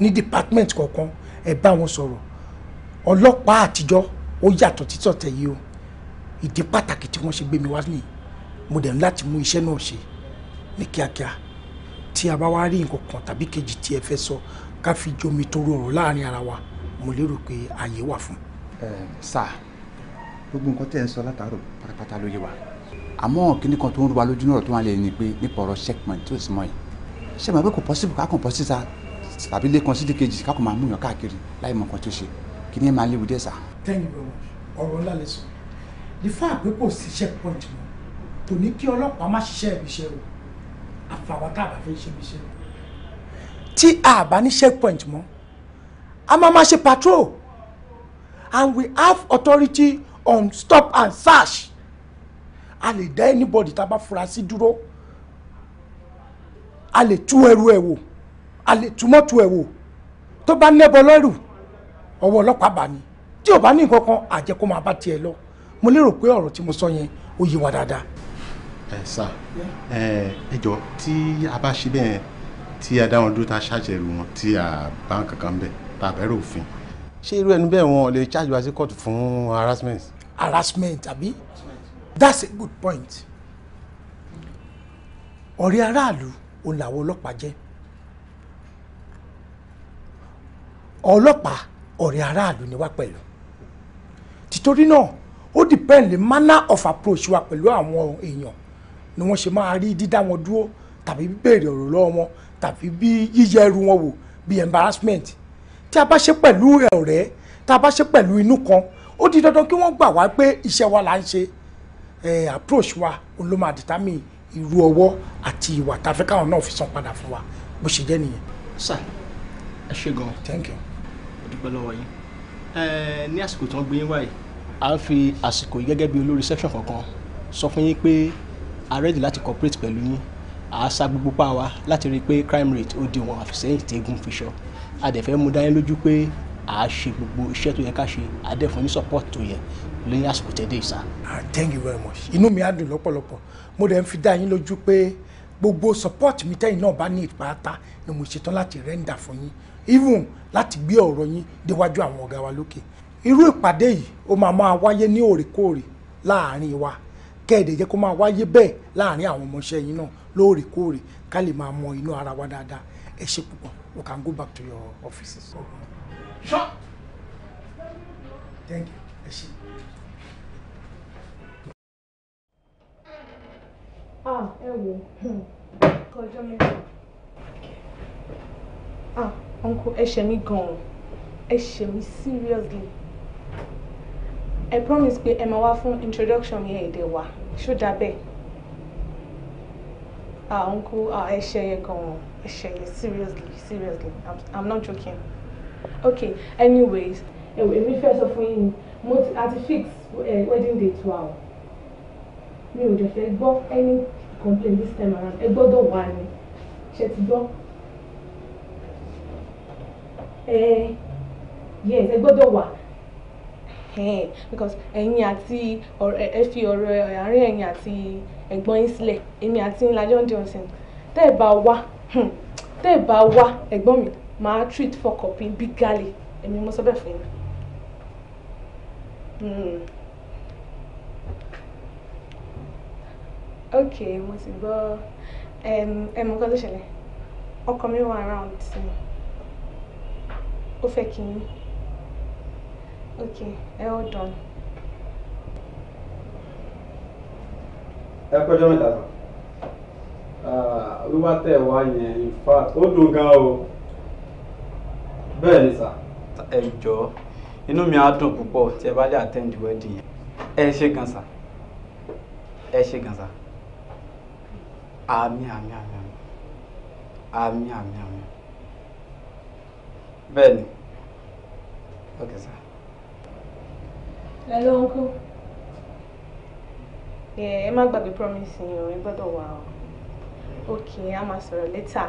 ní department kọ̀ọ̀kan ẹ bá wọn sọ̀rọ̀ ọlọ́pàá àtijọ́ ó yàtọ̀ títọ̀ tẹ̀yí o ìdí pàtàkì tí wọ́n ṣe gbé mi wá nìyí mo dẹ̀ ń láti mú iṣẹ́ náà ṣe ní kíákíá tí a bá wá rí nǹkan kan tàbí kejì tí ẹ fẹ́ sọ ká fi jomi tó rọrùn láàrin ara wa mo lérò pé ààyè wà fún. ẹ sáà gbogbo nǹkan tẹ́ ẹ ń sọ látàárọ̀ pátápátá ló yé wa àmọ́ kíní kan tó ń wa lójú náà tó wà lẹ́yìn ni pé nípa ọ̀rọ̀ checkpoint tó sì mọ́ yìí ṣé màá pé kò possible kákan bọ́ síta tàbí lẹ́kan sídìkejì kákan máa múyàn káàkiri láì mọ̀ nǹkan tó ṣe kí ni ẹ máa léwu thank you very much ọ̀rọ̀ ńlá lè sọ the fact pé kò sí checkpoint mọ́ kò ní kí ọlọ́pàá má ṣiṣẹ́ ibiṣẹ́ o àfàwọn tá a bá fẹ́ ṣe ibiṣẹ́ tí a bá ní checkpoint mọ́ a máa máa ṣe patrol and we have authority on stop and search a lè dá anybody tá a bá fura sí dúró a lè tú ẹrù ẹ̀ wò a lè tú mọ́tò wò tó bá nẹ́bọ lẹ́rù ọwọ́ ọlọ́pàá bá ní tí ò bá ní nǹkan kan àjẹ́ kó máa bá tiẹ̀ lọ mo lérò pé ọ̀rọ̀ tí mo sọ yẹn ó yé wa dáadáa. ẹ sá ẹ jọ tí a bá ṣe bẹ́ẹ̀ tí a dá wọn dúró tá a ṣàjẹrù wọn tí a bá kankan bẹ̀ tá a bẹ̀rẹ̀ òfin ṣé irú ẹni bẹ́ẹ̀ wọn lè charge wa sí court fún harassment. harassment àbí that's a good point ọ̀rẹ́ aráàlú òun làwọn ọlọ́pàá jẹ́ ọlọ́pàá ọ̀rẹ́ aráàlú ni wá pẹ̀lú títorí náà ó depend the manner of approach wa pẹ̀lú àwọn èèyàn ni wọ́n ṣe máa rí dídá wọn dúró tàbí bíbèrè ọ̀rọ̀ lọ́wọ́ wọn tàbí bí yíyẹ ẹrù wọn wò bí embarrassment tí a bá ṣe pẹ̀lú ọ̀rẹ́ tá a bá ṣe pẹ̀lú inú kan ó di dandan kí wọ́n gbà wá pé iṣẹ́ wa là ń ṣe approach wa òun ló máa determine irú ọwọ́ àti ìwà tàfẹ́ káwọn náà fi san padà fún wa bó ṣe jẹ́ nìyẹn. sir ẹ ṣé gan thank you dúpẹ́ lọ́wọ́ yín ní àsìkò tí wọ́n gbé yín wáyé à ń fi àsìkò yìí gẹ́gẹ́ bí olórí section kọ̀ọ̀kan sọ fún yín pé a ready láti cooperate pẹ̀lú yín à sa gbogbo pa wa láti rí i pé crime rate ó di wọn àfìsẹ́yìn tẹ́gùn fiṣọ a dẹ̀ fẹ́ mú dání lójú pé à ṣe gbogbo iṣẹ́ tó yẹ ká ṣe à dẹ̀ fún ní support tó yẹ lóyún àsìkò tẹ́dẹ̀ ìsà. Ah, thank you very much inú mi á dùn lọ́pọ̀lọpọ̀ mo dẹ̀ ń fi dá yín lójú pé gbogbo support mi tẹ́yìn náà bá ní ìpáátá ni mo ṣetán láti rẹ́ńdà fún yín even láti gbé ọ̀rọ̀ yín déwájú àwọn ọ̀gá wa lókè irú ìpàdé yìí ó máa máa wáyé ní òrèkóòrè láàárín wa kẹ́ẹ̀dẹ̀ jẹ́ kó máa wáyé bẹ́ẹ̀ láàárín àwọn ọmọọṣẹ́ yín náà lóòrèkóòrè ká lè máa mọ inú ara wa dáadáa ẹ ṣe púpọ̀ we can go back to your offices. Sure. Thank you. ah ẹ wo hmm. kọjọ mẹ́ta ah uncle ẹ ṣe mí gan-an seriously I promise be ẹ máa wá introduction here ẹ̀ dẹ̀ wá Should dà be? ah uncle ah ẹ ṣe yẹn gan-an seriously seriously I'm, I'm not joking okay anyways ẹ̀wọ̀ èmi fẹ́ sọ fún yín mo ti àti fix eh, wedding date wa o mi ò dẹ̀ fẹ́ gbọ́ any complain this time around ẹ gbọ́dọ̀ wá one. ṣe ti yes ẹ gbọ́dọ̀ wà because ẹ̀yin àti ẹ fi ọ̀rọ̀ àárín ẹ̀yin àti ẹ̀gbọ́n yín sílẹ̀ èmi àti yín lájọ́ ń di ọ̀sìn tẹ́ ẹ bá wá hmm, tẹ́ ẹ bá wá ẹ̀gbọ́n mi máa treat for copy big galley èmi mo sọ bẹ́ẹ̀ fún yín. Hmm. ok mo ti gbọ́ ẹ̀mú kan tó ṣẹlẹ̀ ọkọ mi wà around sí mi ó fẹ́ kí yín ok ẹ all done. ẹ kọjọ mẹ́ta sàn wíwá tẹ̀ wá yẹn in fact ó dùn gan o bẹ́ẹ̀ ni sà. ẹ jọ̀ọ́ inú mi á dùn púpọ̀ tí ẹ bá lè attend wedding yẹn ẹ ṣé gan sà ẹ ṣé gan sà àmì àmì àmì àmì àmì àmì àmì bẹ́ẹ̀ ni. Okay, sir. Hello, uncle. Yeah, I'm má gbàgbé be promising you. ẹ gbọ́dọ̀ a while. Okay, I'm a sorry. later.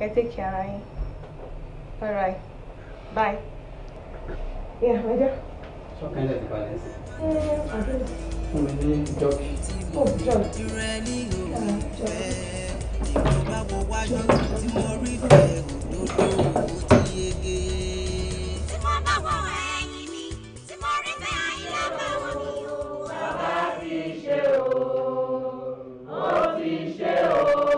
Ẹ take care ara All right. Bye. Yeah, my dear. Ṣọ́kàn ilẹ̀ ti balẹ̀ sí. Fún mi ní Oh, jọ́kì. Jọ́kì. Ìjọba wo wájú tí mo rí bẹ́ẹ̀ ó ti ṣe o ó ti ṣe o.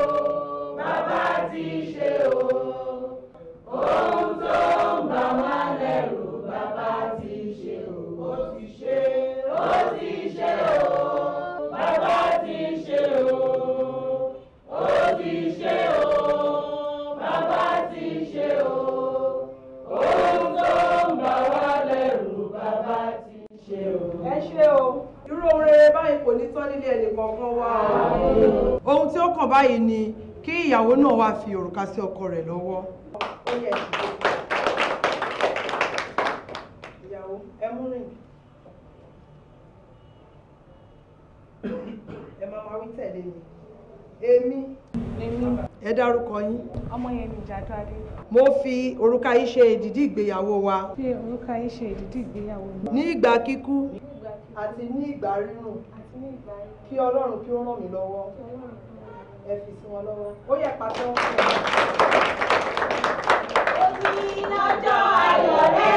kàn báyìí ni kí ìyàwó náà wá fi òrùka sí ọkọ rẹ̀ lọ́wọ́. ẹ dárúkọ yín. ọmọ yẹn ni ìjàdó adé. mo fi òrùka yìí ṣe ìdìdí ìgbéyàwó wa. fi òrùka yìí ṣe ìdìdí ìgbéyàwó mi. ní ìgbà kíkú àti ní ìgbà rírùn kí ọlọ́run kí ó ràn mí lọ́wọ́ ẹ fi sí wọn lọ́wọ́ ó yẹ pàtó. ó ní lọ́jọ́ ayọ̀ rẹ̀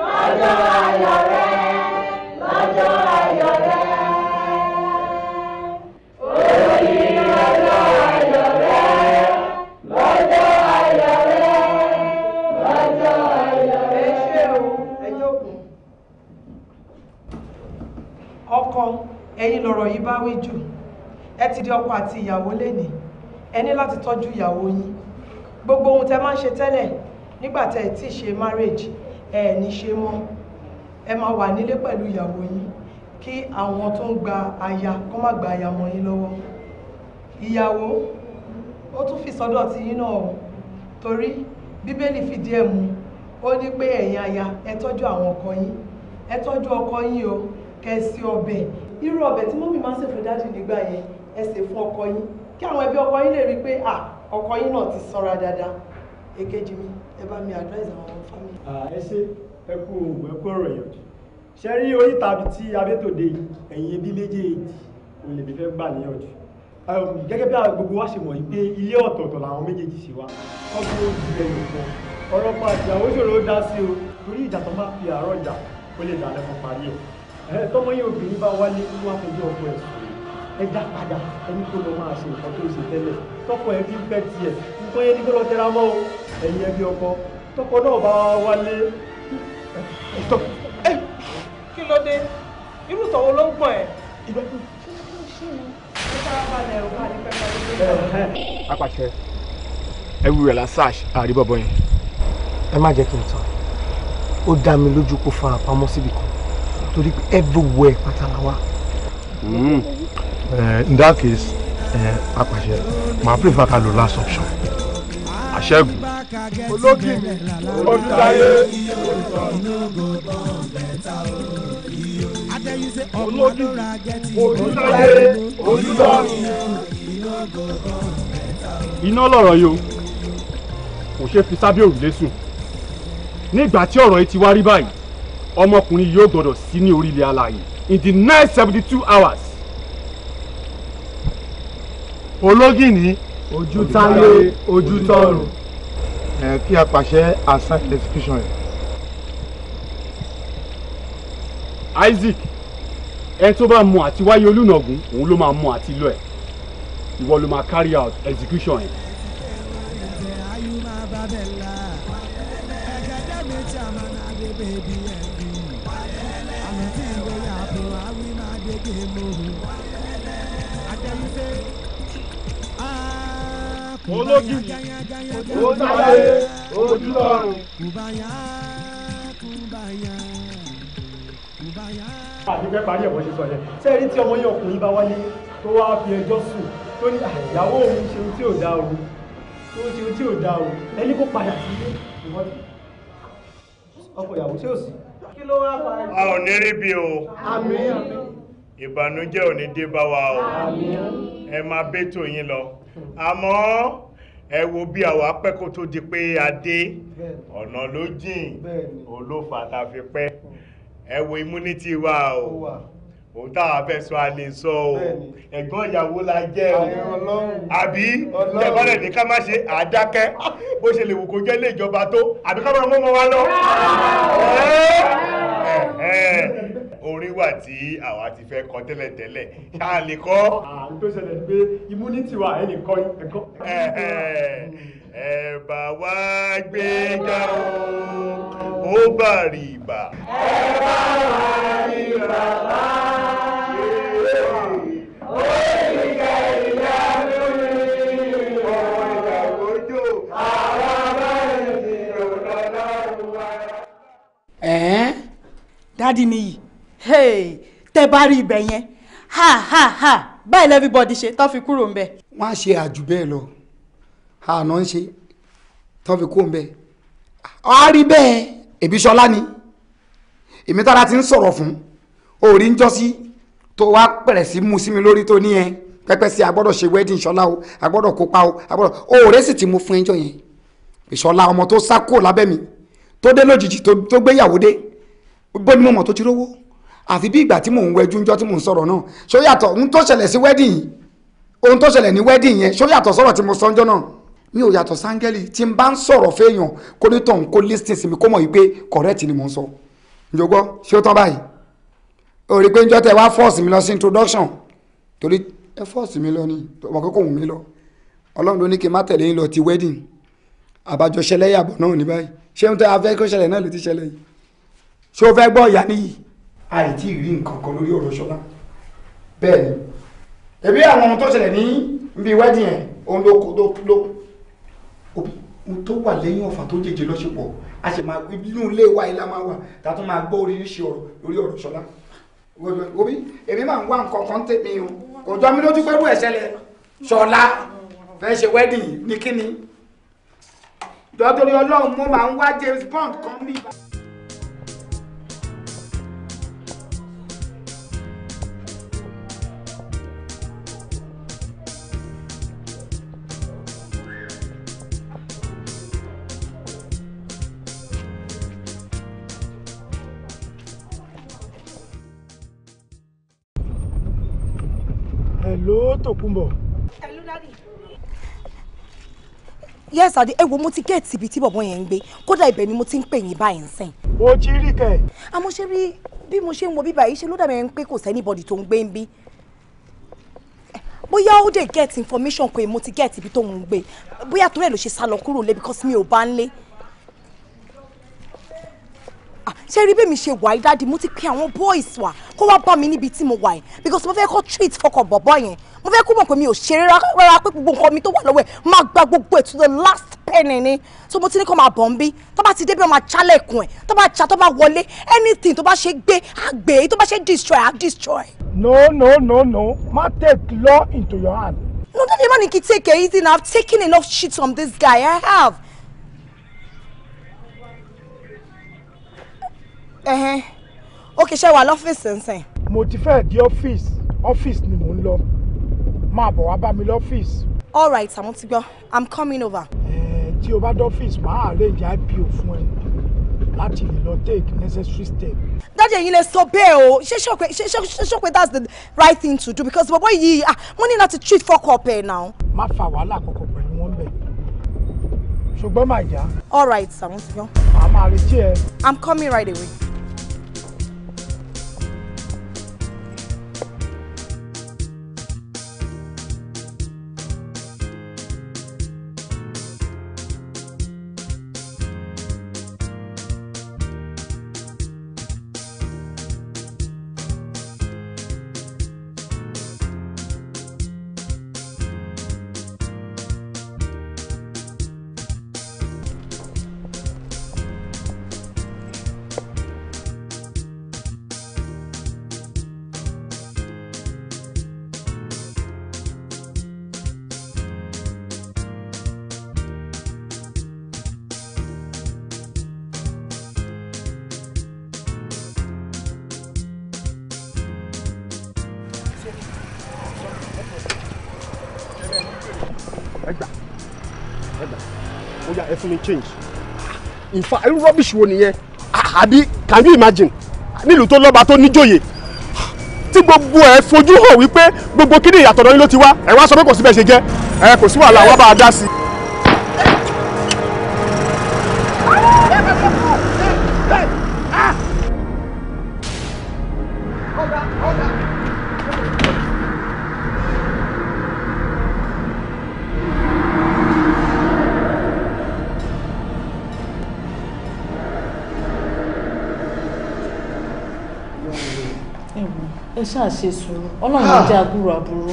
lọ́jọ́ ayọ̀ rẹ̀ lọ́jọ́ ayọ̀ rẹ̀. ọkọ ẹ̀yin lọ̀rọ̀ yìí bá wí jù ẹ ti di ọkọ àti ìyàwó lénìí ẹ ní láti tọ́jú ìyàwó yín gbogbo ohun tẹ máa ń ṣe tẹ́lẹ̀ nígbà tẹ ẹ ti ṣe marriage ẹ ẹ ní ṣe mọ́ ẹ máa wà nílé pẹ̀lú ìyàwó yín kí àwọn tó ń gba aya kó má gba aya mọ́ yín lọ́wọ́ ìyàwó ó tún fi sọ́dọ̀ ti yín náà torí bíbélì fìdí ẹ̀ mú ó ní pé ẹ̀yin aya ẹ tọ́jú àwọn ọkọ yín ẹ tọ́jú ọkọ yín o kẹ́ ẹ sí ọbẹ̀ irú ọbẹ̀ tí mọ́mí máa ń sè nígbà yẹn ẹ ṣe fún ọkọ yín kí àwọn ẹbí ọkọ yín lè rí i pé à ọkọ yín náà ti sanra dáadáa èkejì mi ẹ bá mi advice àwọn ọmọ family. ẹ ṣe ẹ kú òògùn ẹ kú ọ̀rọ̀ yẹn ṣe rí oríta tí abétòde ẹ̀yìn ẹbí méjèèjì òun lèmi fẹ́ gbà níyànjú gẹ́gẹ́ bí àwọn gbogbo wa ṣe mọ̀ yìí pé ilé ọ̀tọ̀ọ̀tọ̀ làwọn méjèèjì ṣe wá ọgbọ́n ojú ẹ̀yìn kan ọ̀rọ̀ pa ìyàwó ṣòro o torí ìjà tó máa fi àárọ̀ jà ó lè dà lẹ́kọ̀ọ́ parí ẹ̀ tọ́mọ yìí obìnrin bá wálé ẹ dá padà ẹni kó lọ máa ṣe nǹkan tó ṣe tẹ́lẹ̀ tọkọ ẹ fi ń fẹ́ tiẹ̀ nǹkan yẹn ní kó lọ tẹra mọ́ o ẹ̀yin ẹbí ọkọ tọkọ náà bá wálé ẹ̀tọ́. kí ló dé irú sọ̀wọ́ ló ń pọ̀ ẹ̀. apàṣẹ ẹrú rẹ̀ lasash àríbọ̀bọ̀ yẹn. ẹ má jẹ́ kí n tán ó dá mi lójú kó fara pamọ́ síbi kan torí pé everywhere pátá la wà. Hmm. Eh, in that case uh, eh, apàṣẹ màá prefer ká lo last option àṣẹgun. ológin olùdáyé ológin olùdáyé olùdọ́. iná lọ̀rọ̀ yìí o kò ṣeé fi sábẹ́ òrùlé sùn nígbà tí ọ̀rọ̀ yìí ti wá rí báyìí ọmọkùnrin yìí yóò gbọ́dọ̀ sí ní orílẹ̀ alààyè in the next seventy two hours ológìní ojú táyé ojú tọrùn ẹ kí a pàṣẹ asan execution yẹn. Isaac ẹ tó bá mọ àti wáyé olùnàgún òun ló máa mọ àti ẹ ìwọ ló máa carry out execution yẹn. ológìrì ojúláyé ojúlọ́run. àti fẹ́ parí ẹ̀bọ̀n ṣe sọ yẹn sẹ́ẹ̀rí tí ọmọ yẹn ọkùnrin bá wáyé tó wáá fi ẹjọ́ sùn tó ní àyàwó òun ṣe ohun tí ò dáa o tó ṣe ohun tí ò dáa o ẹni kó padà sí ilé ìwọ́n ọkọ ìyàwó tí ò sí. kí ló wá pa ẹ. a ò ní rí bí o. àmín. ìbànújẹ́ ò ní dé bá wa o. àmín. ẹ máa bẹ́tò yín lọ àmọ́ ẹ wo bí àwa pẹ́ kó tó di pé a ọ̀nà ló jìn olófà tá pẹ́ hmm. ẹ wo immunity wa o òun táwa fẹ́ sọ a lè sọ o ẹ̀gbọ́n ìyàwó la jẹ́ o àbí tẹ̀bọ́lẹ̀ ní ká má ṣe àdákẹ́ bó ṣe lè wù kó jẹ́ ilé ìjọba tó àbí ká máa ọmọ wa lọ orin wà tí àwa ti fẹ́ kọ tẹ́lẹ̀tẹ́lẹ̀ ṣá lè kọ́. àwọn tó ṣẹlẹ̀ pé immunity wa ẹ̀ kọ́ ẹ̀kọ́. ẹ bá wá gbé ga o ó bà rí ibà. ẹ bá wá rí ibà bá yé o lè tẹ bá rí ibẹ̀ yẹn ha ha ha báyìí everybody ṣe tó fi kúrò ńbẹ̀. wọ́n á ṣe àjù bẹ́ẹ̀ lọ àná ń ṣe tó fi kúrò ńbẹ̀ á rí bẹ́ẹ̀ ẹbí Ṣọlá ni èmi tára ti ń sọ̀rọ̀ fún òòrí ń jọ́ sí tó wá pẹ̀rẹ̀ sí mu sí mi lórí tó ní yẹn pẹpẹ sí agbọ́dọ̀ ṣe wedding Ṣọlá o agbọ́dọ̀ kópa o agbọ́dọ̀ òòrè sì ti mo fún ẹjọ́ yẹn Ìṣọlá ọmọ tó sá kúrò lábẹ́ mi tó dé lójijì tó gbéyàwó dé bó ni mo mọ̀ tó ti rówó àfi bí ìgbà tí mò ń wẹjú ńjọ́ tí mò ń sọ̀rọ̀ náà ṣó yàtọ̀ ohun tó ṣẹlẹ̀ sí wedding yìí ohun tó ṣẹlẹ̀ ní wedding yẹn ṣó yàtọ̀ sọ̀rọ̀ tí mo sọ ńjọ́ náà mi ò yàtọ̀ sáńgẹ́lì tí n bá ń sọ̀rọ̀ fẹ́yàn kó ní tọ̀hún kó lísìn sí mi kó mọ̀ yìí pé correct ni mò ń sọ njogbo ṣé ó tán báyìí o rí i pé njọ́ tẹ wá force mi lọ sí introduction torí ẹ force mi lọ ni ọmọ kókó wù mí lọ ọlọ́run ló ní kí n má tẹ̀lé yín lọ ti wedding àbájọ ṣẹlẹ̀ yàbọ̀ náà ní báyìí ṣé ohun tó a fẹ́ kó ṣẹlẹ̀ náà ló ti ṣẹlẹ̀ yìí ṣé o fẹ́ gbọ́ ìyá níyì àìtí rí nǹkan kan lórí ọ̀rọ̀ ṣọlá bẹ́ẹ̀ ni ẹbí àwọn ohun tó ṣẹlẹ̀ ní ibi ìwádìí yẹn ohun ló ló ló ohun tó wà lẹ́yìn ọ̀fà tó jẹjẹ lọ́ṣepọ̀ a sì máa inú ilé wa ilá máa wà tá a tún máa gbọ́ oríṣiríṣi ọ̀rọ̀ lórí ọ̀rọ̀ ṣọlá obi èmi máa ń wá nǹkan kan tèmi o kò jọ mi lójú pẹ́rú ẹ̀ ṣẹlẹ̀ fẹ́ ṣe wedding ní kíni dọ́dọ́rí ọlọ́run mo máa ń wá James Bond kan bí. Tòkunbọ̀. hello daddy. yes ade ewo mo ti gẹ̀ẹ́tì ibi tí bọ̀bọ̀ yẹn ń gbé kódà ibẹ̀ ni mo ti ń pè yín báyìí nsìn. o ti rí kẹ. àmọ́ ṣe rí bí mo ṣe ń wo bíbá yìí ṣe ló dàbí ẹni pé kò sẹ́nibọ̀dì tó ń gbé ń bí bóyá ó dé get information pé mo ti get ibi tó ń gbé bóyá torí ẹ ló ṣe sá lọ kúrò lé because mi ò bá ń lé ah, ṣé rí bẹ́ẹ̀ mi ṣe wà yìí dáàdi mo ti pe àwọn boys wa kó wá bá mi níbi tí mo wà yìí because mo fẹ́ kó treat fọkàn bọ̀bọ̀ yẹn mo fẹ́ kó mọ̀ pé mi ò ṣeré rárá pé gbogbo nǹkan mi tó wà lọ́wọ́ ẹ̀ máa gba gbogbo ẹ̀ to the last penny ni so mo ti ní kó máa bọ̀ ń bí tó bá ti dé bí wọ́n ẹ̀ tó bá ja tó bá wọlé anything tó bá ṣe gbé àgbè èyí tó bá ṣe destroy à destroy. no no no no ma take law into your hand. no no the man he take it easy na I've taken enough shit from this guy I have. Uh huh. Okay, í ṣe wà lọ́fíìsì nsìn. mo ti fẹ́ di ọ́fíìsì ọ́fíìsì ni mò ń lọ máa bọ̀ wá bá mi lọ́fíìsì. all right àwọn ti gbọ́ i'm coming over. ẹ eh, tí o bá dọ́fíìsì máa arrange ipo fún ẹ láti lè lọ take necessary step. dájú ẹ̀yin lè sọ bẹ́ẹ̀ o ṣé ṣọ́pẹ́ ṣé ṣọ́pẹ́ that's the right thing to do because bọ̀bọ̀ yìí ah wọ́n ní láti treat fọ́kọ̀ ọ̀pẹ náà. má fa wàhálà kankan pẹ̀lú wọn bẹ̀ ṣùgbọ́n màá já. all right àwọn ti gbọ́. màá máa retí ẹ. i'm coming right away. ẹ fún mi change in fact irú rubbish wo nìyẹn àbí can you imagine nílùú tó lọ́ba tó níjòyè tí gbogbo ẹ fojú hàn wípé gbogbo kíni ìyàtọ̀ lọ́yìn ló ti wá ẹ wá sọ pé kò sí bẹ́ẹ̀ ṣe jẹ́ ẹ kò sí wàhálà wọn bá a dá sí i. ṣáà ṣe sùúrù ọlọ́run ló jẹ́ àbúrò àbúrò.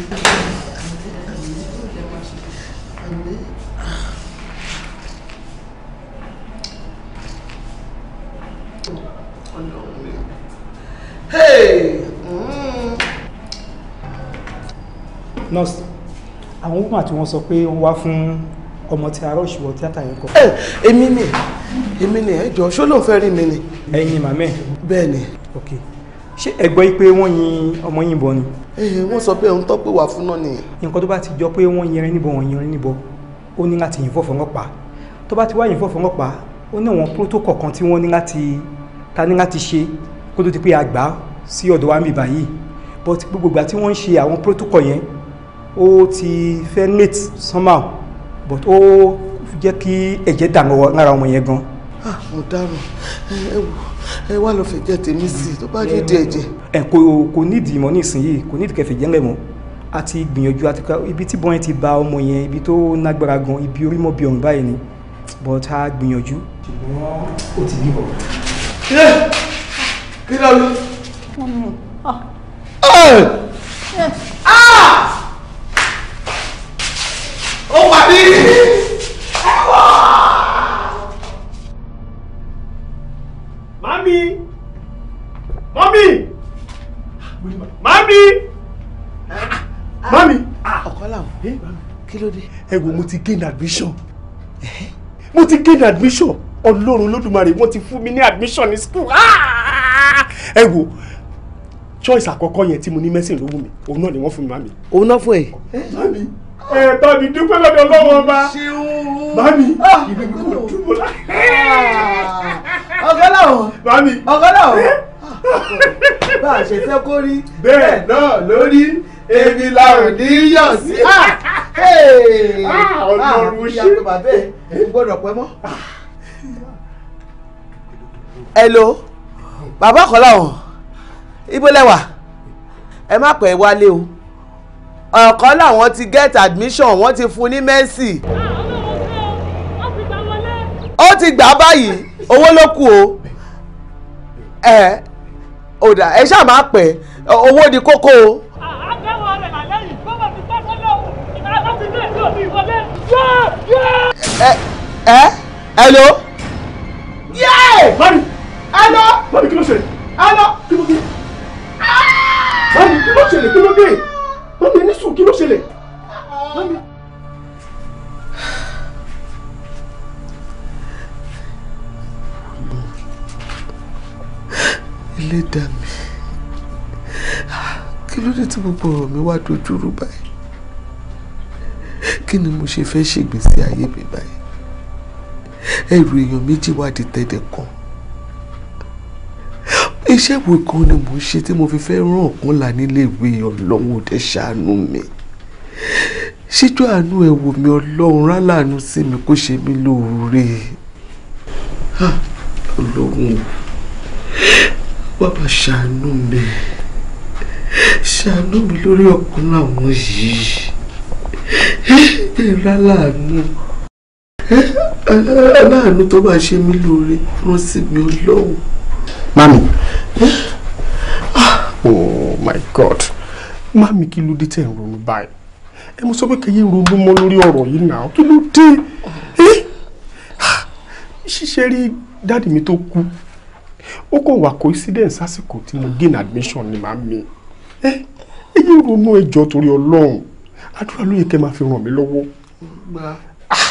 nurse àwọn woman tí wọ́n sọ pé wọ́n wá fún ọmọ tí ará òṣùwọ̀ tíátà yẹn kọ. èmi ni èmi ni ẹ jọ ṣó lóun fẹ́ rí mi ni. ẹ̀yin màmí. bẹ́ẹ̀ okay ṣé ẹ gbọ́ pé wọ́n yin ọmọ yín bọ ni. Eh, wọ́n sọ pé òun tọ́ pé wà fún náà ni. nǹkan tó bá ti jọ pé wọ́n yin ẹrin níbọ̀ wọ́n yin ẹrin níbọ̀ ó ní láti yìn fọ́fọ́ ọlọ́pàá tó bá ti wá yìn fọ́fọ́ ọlọ́pàá ó ní àwọn protocol kan tí wọ́n ní láti ta ní láti ṣe kó tó ti pé a gbà sí ọ̀dọ̀ wa ń bìbà yìí but gbogbo ìgbà tí wọ́n ń ṣe àwọn protocol yẹn ó ti fẹ́ late somehow but ó jẹ́ kí ẹ̀jẹ̀ dà lára ọmọ yẹn gan. ah mo dárò ẹ wò ẹ wá lọ fẹ̀jẹ̀ tèmi sí i tó bá jẹ́ di ẹ̀jẹ̀. ẹ kò kò nídìí mọ́ nísìnyìí kò nídìí kẹfẹ̀jẹ̀ ńlẹ̀ mọ́ a ti gbìyànjú àti ibi tí bọ́yìn ti ba ọmọ yẹn ibi tó nágbára gan ibi orí mọ́ bí ọ̀run báyìí ni but a gbìyànjú. ṣùgbọ́n ó ti bíbọ̀. kílẹ̀ kílẹ̀ ló. wọ́n mú un. Ah. kí ló dé. ẹ wo mo ti gain admission mo ti gain admission ọlọ́run lódùmarè wọ́n ti fún mi ní admission ní school ah! ẹ wo choice àkọ́kọ́ yẹn tí mo ní mẹ́sìn ló wù mí òun náà ni wọ́n fún mi màmí. òun náà fún ẹ. ẹ bá mi dúpẹ́ lọ́dọ̀ lọ́wọ́ ọba màmí ah! ìlú mi kò dúró la. Ah! ọ̀gá làwọn màmí ọ̀gá làwọn eh? bá a ṣe fẹ́ kó rí bẹ́ẹ̀ náà lórí èmi la ò sí. Ah! Ah! Ah! ọlọ́run ṣe àpò gbọ́dọ̀ pẹ́ mọ́. hello bàbá ọ̀kọ́lá ọ̀hún ibo lẹ́wà ẹ má pẹ́ wálé o ọ̀kan làwọn ti get admission wọ́n ti fún ní mẹ́sì. ó ti gbà báyìí owó ló kù o ẹ ò dà ẹ ṣáà má pẹ́ owó di kókó o. ẹ ẹ hello. yéé. mami. hello. mami kí ló ṣe. hello. kí ló dé. mami kí ló ṣẹlẹ̀ kí ló dé. mami ní sùn kí ló ṣẹlẹ̀. mami. ilé dà mí kí ló dé tí gbogbo ọ̀rọ̀ mi wá dojú rú báyìí kí ni mo ṣe fẹ́ ṣègbésí ayé mi báyìí ẹrù èèyàn méjì wá di tẹ́lẹ̀ kan iṣẹ́ wo kan ni mo ṣe tí mo fi fẹ́ ràn kán là níléèwé ọlọ́run òde ṣàánú mi ṣíjú àánú ẹ wò mí ọlọ́run ráláàánú sí mi kó ṣe mí lóore ọlọ́run bàbá ṣàánú mi ṣàánú mi lórí ọkùnrin àwọn yìí ìrà láàánú aláàánú tó bá ṣe mí lóore rán sí mi ọlọ́run. mami ah, oh my god mami kí ló dé tẹ̀ ń ronú báyìí ẹ mo sọ pé kẹyẹ ronú mọ́ lórí ọ̀rọ̀ yìí náà kí ló dé ah, ṣíṣe rí dáàdì mi tó kú ó kàn wà coincidence àsìkò tí mo gain admission ni màá mi ẹ ẹ yẹ ronú ẹjọ́ torí ọlọ́run àdúrà ló yẹ kẹ́ máa fi ràn mí lọ́wọ́ ah!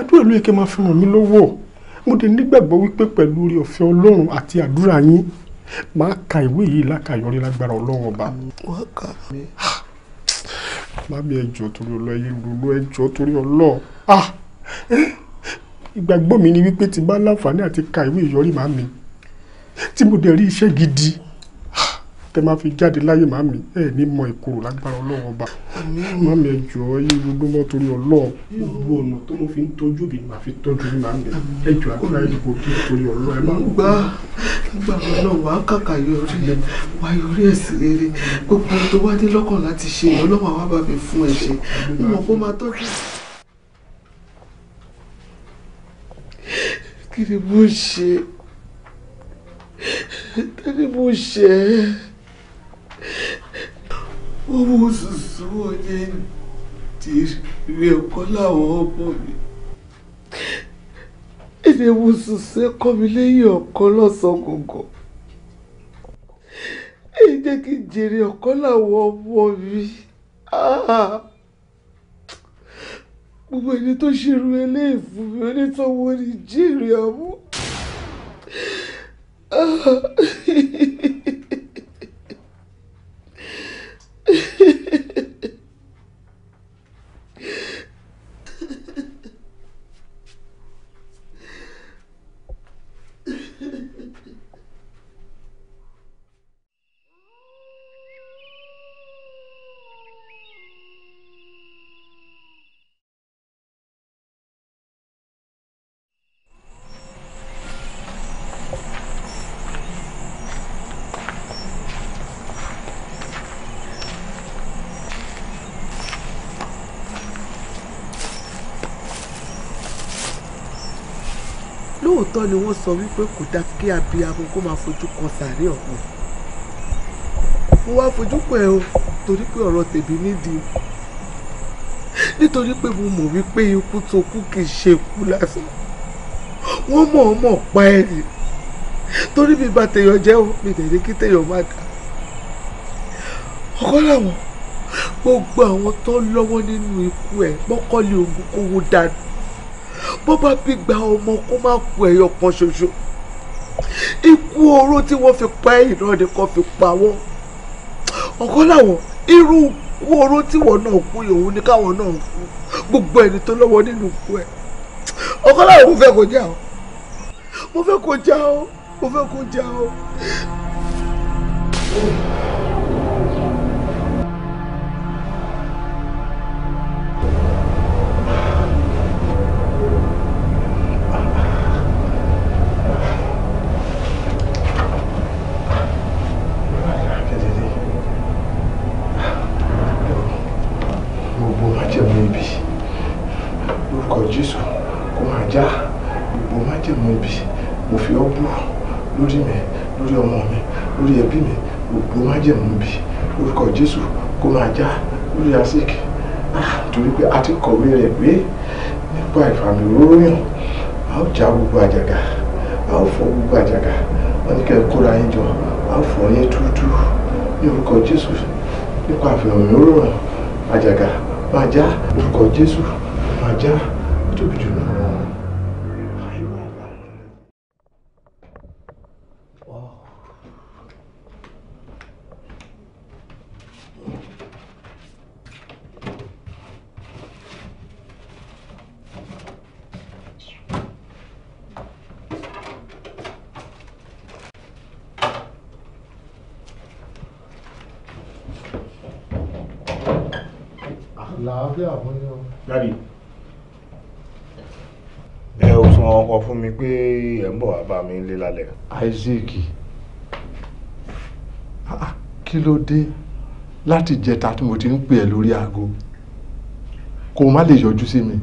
àdúrà ló yẹ kẹ́ máa fi ràn mí lọ́wọ́ mo dé nígbàgbọ́ wípé pẹ̀lú orí ọ̀fẹ́ ọlọ́run àti àdúrà yín máa ka ìwé yìí lákàyọrí lágbára ọlọ́run ọba. Mami ah! ẹjọ́ torí ọlọ́ ẹyẹ lulú ẹjọ́ torí ọlọ́ ah! ìgbàgbọ́ mi ni wípé tí bá láǹfààní àti ka ìwé ìyọrí màmí tí mo dẹ̀ rí iṣẹ́ gidi tẹ máa fi jáde láyé màmí ẹ ní mọ ìkorò lágbára ọlọ́wọ́ ọba màmí ẹ jọ yí gbogbo torí ọlọ́ọ̀ gbogbo ọ̀nà tó mo fi ń tọ́jú mi màá fi tọ́jú mi màmí ẹ jọ àkọ́lá ẹ dìbò kí torí ọlọ́ọ̀ ẹ má. gbà gbà náà wàá kàkà yọrí wà yọrí ẹ̀ sí rere gbogbo tó wá dé lọ́kàn láti ṣe ọlọ́wọ́ àwa bá mi fún ẹ ṣe mo kó máa tọ́jú. kí ni mo ṣe kí ni mo ṣe wọ́n mú sùsù wọn ní tìrì ọ̀kan láwọn ọmọ mi èdè mú sùsù ẹ̀kọ́ mi lẹ́yìn ọ̀kan lọ́sàn-án gọ̀gàn èyí jẹ́ kí n jèrè ọ̀kan láwọn ọmọ mi ah! gbogbo ẹni tó ṣerú eléyìí fún mi onítọ̀wọ́ ni jèrè ọmọ. [laughs] òótọ́ ni wọ́n sọ wípé kò dá kí abiyamọ kó máa fojú kan sàárẹ̀ ọ̀pọ̀ mo wá fojú pẹ̀ o torí pé ọ̀rọ̀ tèmi nídìí nítorí pé mo mọ̀ wípé ikú tó kú kì í ṣe ikú lásán wọ́n mọ̀ ọ́ mọ̀ pa ẹ̀ nì torí mi bá tèèyàn jẹ́ o mi dẹ̀ ní kí tèèyàn má dà ọkọ làwọn gbogbo àwọn tó lọ́wọ́ nínú ikú ẹ̀ mọ́kànlélógún kówó dáadáa bó bá bí gba ọmọ kó má kú ẹyọ kan ṣoṣo ikú oró tí wọ́n fi pa ẹ̀yìn náà ni kò fi pa wọ́n ọ̀kan láwọn irú ikú oró tí wọ́n náà kú ìhòòhò ni káwọn náà kú gbogbo ẹni tó lọ́wọ́ nínú ikú ẹ̀ ọ̀kan láwọn mo fẹ́ kó já o mo fẹ́ kó já o mo fẹ́ kó já o. mo má jẹ̀mọ́ ibi mo fi ọ́ bú lórí mi lórí ọmọ mi lórí ẹbí mi gbogbo má jẹ̀mọ́ ibi orúkọ Jésù kó máa já lórí àsìkè ah, torí pé a ti kọ̀wé rẹ̀ pé nípa ìfàmì ròyìn a ó já gbogbo àjàgà a ó gbogbo àjàgà wọ́n ní kẹ́ kóra yín jọ a ó fọ́ yín túútú ní orúkọ Jésù nípa ròyìn àjàgà máa já orúkọ Jésù máa já tóbi jù lọ. fún mi pé ẹ̀ ń bọ̀ wá bá mi lé lálẹ́. Isaac ah, ah, kí ló dé láti jẹta tí mo ti ń pè ẹ́ lórí aago kó o má lè yọjú sí mi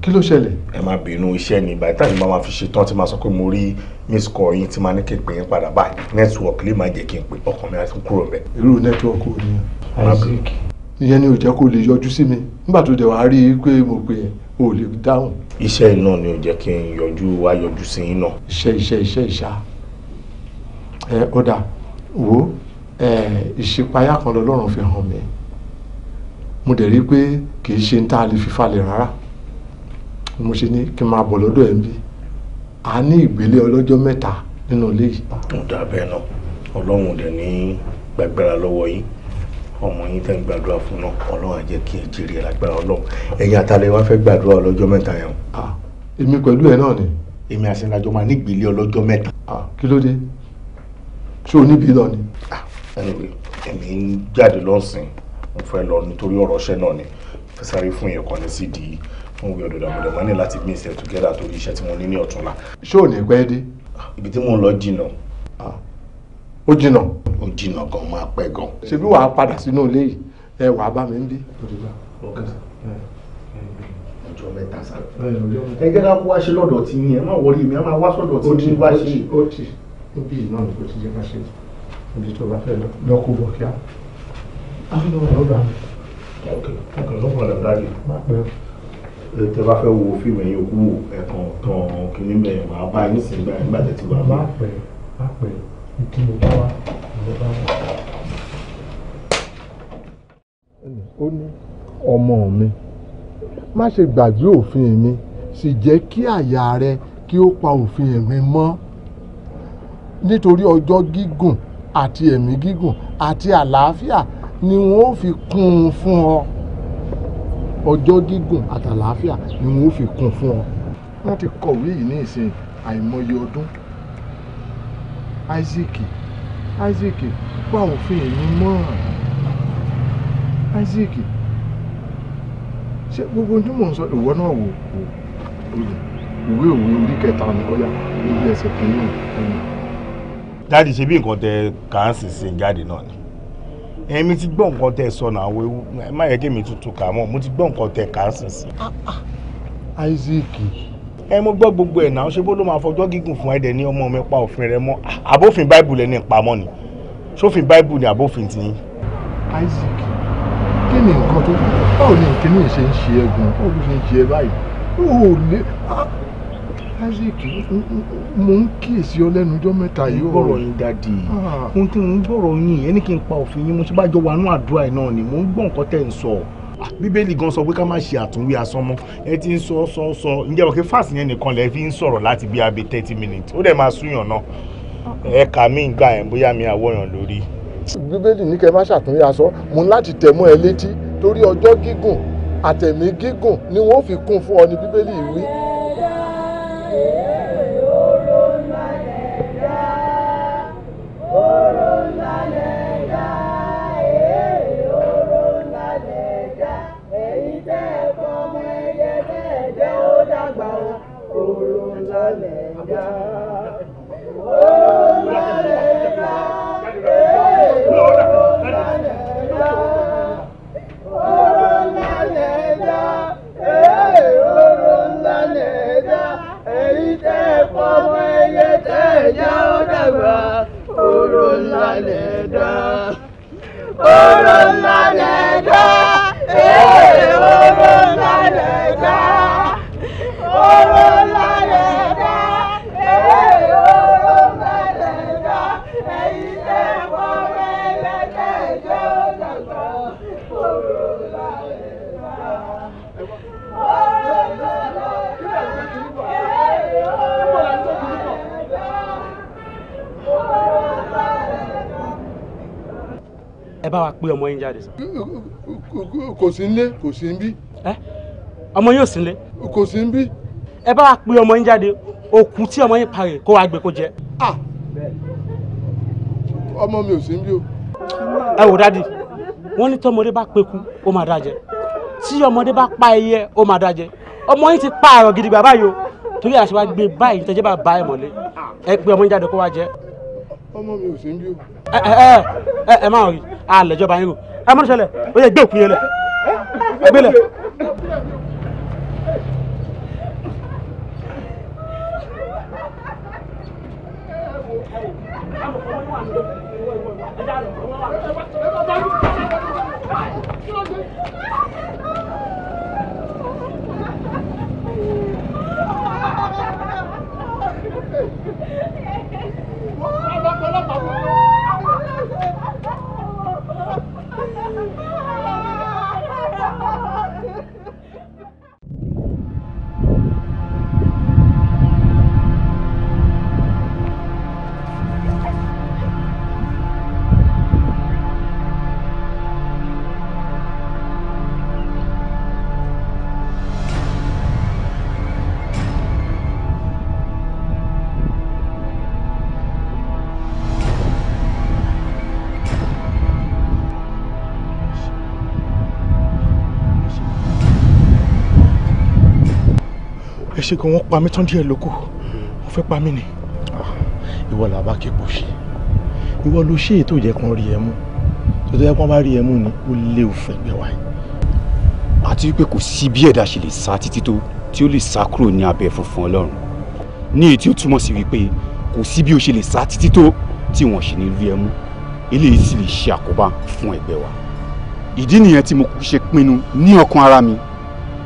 kí ló ṣẹlẹ̀. ẹ má bínú iṣẹ́ ni by the time máa fi ṣetán tí máa sọ pé mo rí miss call yín tí máa ní kí n pè yín padà báyìí network lè má jẹ́ kí n pè ọkàn mi àti kúrò mbẹ. irú network ò ní. Isaac ìyẹn ni ò jẹ́ kó lè yọjú sí mi nígbà tó dẹ̀ wá rí i pé mo pè ẹ́ o lè dáhùn. iṣẹ́ iná ni ò jẹ́ kí n yọjú wá yọjú sí iná. iṣẹ́ iṣẹ́ iṣẹ́ ìṣá ẹ ó dà wo ìṣípayá kan lọ́lọ́run fi hàn mí mo dẹ̀ rí pé kì í ṣe ń tá a lè fi falẹ̀ rárá mo ṣe ní kí n máa bọ̀ lọ́dọ̀ ẹ̀ ń bí a ní ìgbélé ọlọ́jọ́ mẹ́ta nínú ilé yìí. mo dà bẹ́ẹ̀ náà ọlọ́run dẹ̀ ní gbàgbára lọ́wọ́ yín ọmọ yín tẹ́ ń gbàdúrà fún náà ọlọ́run á kí ẹ jèrè lágbára ọlọ́run ẹ̀yin àtàlẹ́ wá fẹ́ gbàdúrà ọlọ́jọ́ mẹ́ta yẹn. èmi pẹ̀lú ẹ náà ni. èmi àti ìlàjọ máa nígbìlẹ̀ ọlọ́jọ́ mẹ́ta. kí ló dé ṣé o níbi lọ ni. èmi ń jáde lọ́sìn mo fẹ́ lọ nítorí ọ̀rọ̀ iṣẹ́ náà ni fẹ́ sáré fún yẹn kan ní sídìí fún wíwọ dọdọ àmọdọ ó jìnnà. ó jìnnà gan máa pẹ́ gan. ṣebí wàá padà sínú ilé yìí ẹ wàá bá mi ń bí. ọjọ́ mẹ́ta sá. ẹ jẹ́ ká kó wá ṣe lọ́dọ̀ tí yín ẹ má wọrí mi ẹ má wá sọ́dọ̀ tí yín wá ṣe. ó ti ó bí ìnáwó ni kò ti jẹ́ ká ṣe ibi tó bá fẹ́ lọ́kù bọ̀ kíá. àwọn ọmọ rẹ̀ ó bá mi. ọkàn ló pọ̀ lọ́dọ̀ dájú. o tẹ bá fẹ́ wo fíìmù ẹ̀yìn òkú ẹ̀kan kan kìíní bẹ́ẹ̀ máa bá yín sí ìgbà tẹ́tí wà. má pẹ́ má pẹ́ tí mo bá wá mo bá wá. ó ní ọmọ mi má ṣe gbàgbé òfin mi sì jẹ́ kí àyà rẹ kí ó pa òfin mi mọ́ nítorí ọjọ́ gígùn àti ẹ̀mí gígùn àti àlàáfíà ni wọ́n ó fi kún un fún ọ ọjọ́ gígùn àtàlàáfíà ni wọ́n ó fi kún un fún ọ wọ́n ti kọ̀wé yìí ní ìsìn àìmọye ọdún Isaac Isaac pa òfin mi mọ́ Isaac ṣé gbogbo ohun tí mò ń sọ ìwọ náà wò ó ìwé òwe orí kẹta ni ó yà níbi ẹsẹ̀ kìíní ẹ̀yìn. dáàdi ṣe bí nǹkan tẹ kàánsì ṣe jáde náà ni èmi ti gbọ́ nǹkan tẹ sọ náà àwọn ewu má yẹ kí èmi tuntun kà mọ́ mo ti gbọ́ nǹkan tẹ kàánsì ṣe. Isaac ẹ mo gbọ́ gbogbo ẹ̀ náà ṣé bó ló máa fọjọ́ gígùn fún ẹ̀dẹ̀ ní ọmọ mi pa òfin rẹ mọ́ ah, àbófin báìbù lẹ́ni ìpamọ́ ni sófin báìbù ni àbófin ti yín. Isaac kí ni nǹkan tó báwo ni ìkíní ṣe ń ṣe ẹgùn báwo ló ṣe ń ṣe ẹ báyìí ó lè ah, Isaac mo ń kíyèsí ọ lẹ́nu ọjọ́ mẹ́ta yìí ó gbọ́rọ̀ yín dáàdì ah. ohun tí mo ń gbọ́rọ̀ yín ẹni kí n pa òfin yín mo ti bá jọ wà nú àdúrà bíbélì gan sọ pé ká má ṣe àtúnwí asán mọ́ ẹ ti ń sọ sọ sọ ǹjẹ́ òkè fásitì yẹn nìkan lẹ fi ń sọ̀rọ̀ láti bí abẹ thirty minutes ó dẹ̀ máa súyàn náà ẹ kà mí gbà yẹn bóyá mi àwòrán lórí. bíbélì ní kẹ́ má ṣàtúnwí asán mo láti tẹ̀ mọ́ ẹ létí torí ọjọ́ gígùn àtẹ̀mí gígùn ni wọ́n fi kún fún ọ ní bíbélì wí. Oh! ńlá lẹ̀dá ọ̀rọ̀ ńlá. ẹ bá wa pé ọmọ yín jáde sọ. kò sí nílé kò sí níbí. ẹ ọmọ yín ò sí nílé. kò sí níbí. ẹ bá wa pé ọmọ yín jáde òkú tí ọmọ yín parẹ kó wa gbé kó jẹ. ọmọ mi ò sí níbí o. ẹ wò dádì wọn ní tọmọdé bá pẹkú ó máa dájẹ tí ọmọdé bá pa ẹyẹ ó máa dájẹ ọmọ yín ti pààrọ̀ gidi bàbá o torí àṣewá gbé báyìí tẹjẹ bá bá ẹ mọ́lẹ̀ ẹ pé ọmọ yín jáde kó wa jẹ ọmọ mi ò sí bí o. ẹ ẹ ẹ ẹ máa rí àlẹjọba yín rò ẹ mọ níṣẹlẹ ó yẹ gbé òkú yẹn lẹ gbé lẹ. Thank you. ṣe gan wọ́n pa mí tán díẹ̀ lóko wọ́n fẹ́ pa mí ni. ìwọ làbá képo ṣe ìwọ ló ṣe ètò ìjẹ kan rí ẹ mú tó tó yẹ kó bá rí ẹ mú ni ó lé òfin ẹgbẹ́ wa yìí. àti wípé kò sí bí ẹ̀dá ṣe lè sá títí tó tí ó lè sá kúrò ní abẹ́ funfun ọlọ́run ní èyí tí ó túmọ̀ sí wípé kò sí bí ó ṣe lè sá títí tó tí wọ́n ṣì ní rí ẹ mú eléyìí sì lè ṣe àkóbá fún ẹgbẹ́ wa ìdí nìyẹn tí mo ṣe pinnu ní ọkàn ara mi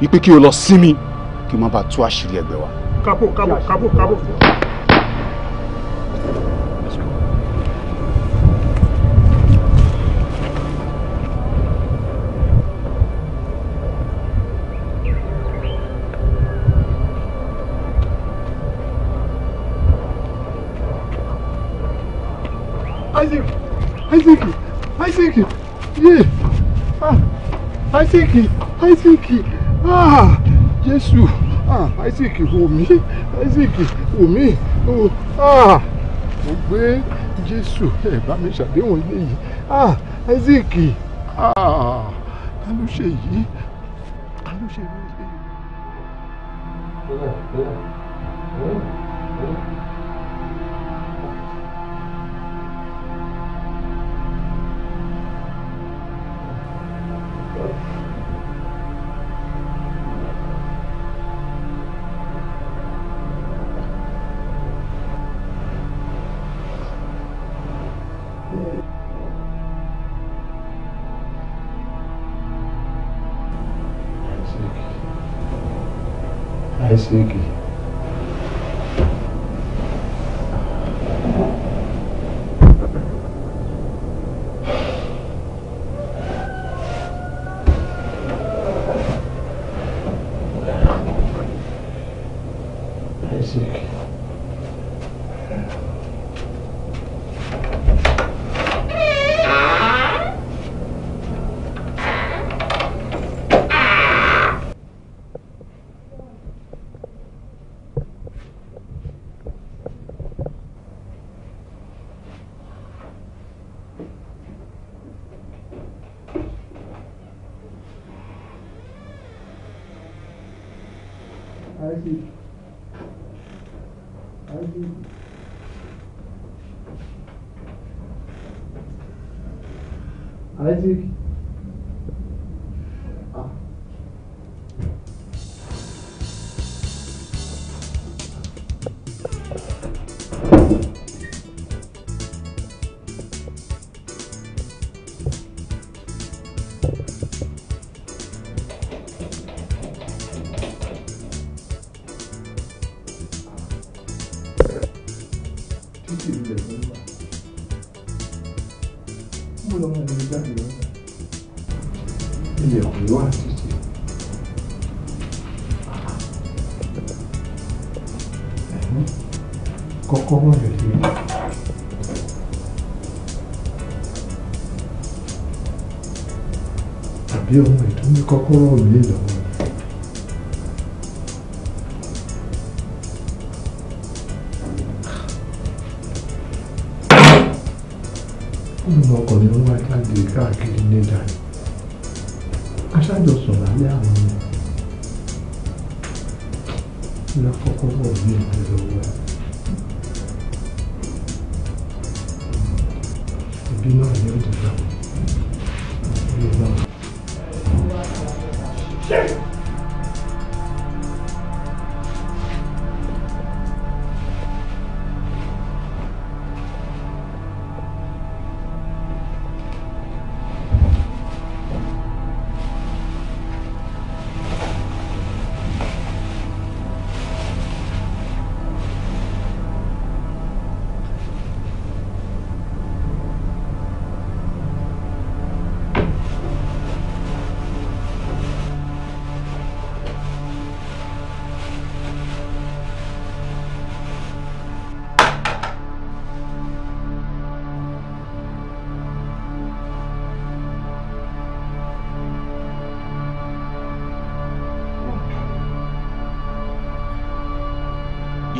wípé kí o lọ sinmi kí n má bàa tú àṣírí ẹgbẹ́ wa. kábò kábò kábò kábò. Isaac, Isaac, Isaac, yeah, ah, ah Jesus ah Isaac wò mí Isaac wò mí oh, ah mo gbé Jésù ẹ bá mi ṣàdéhùn ilé yìí ah Isaac ah ta ló ṣe yìí ta ló ṣe yìí. ẹ ṣe é kọ́kọ́rọ́ òlé lọ́wọ́ gómìnà ọkùnrin ń wá jáde káàkiri ní dàní aṣáájọsùn lálẹ́ àwọn ọmọ ní afọ́kọ́rọ́ òlé lọ́wọ́ ìbí náà ni ó Shit!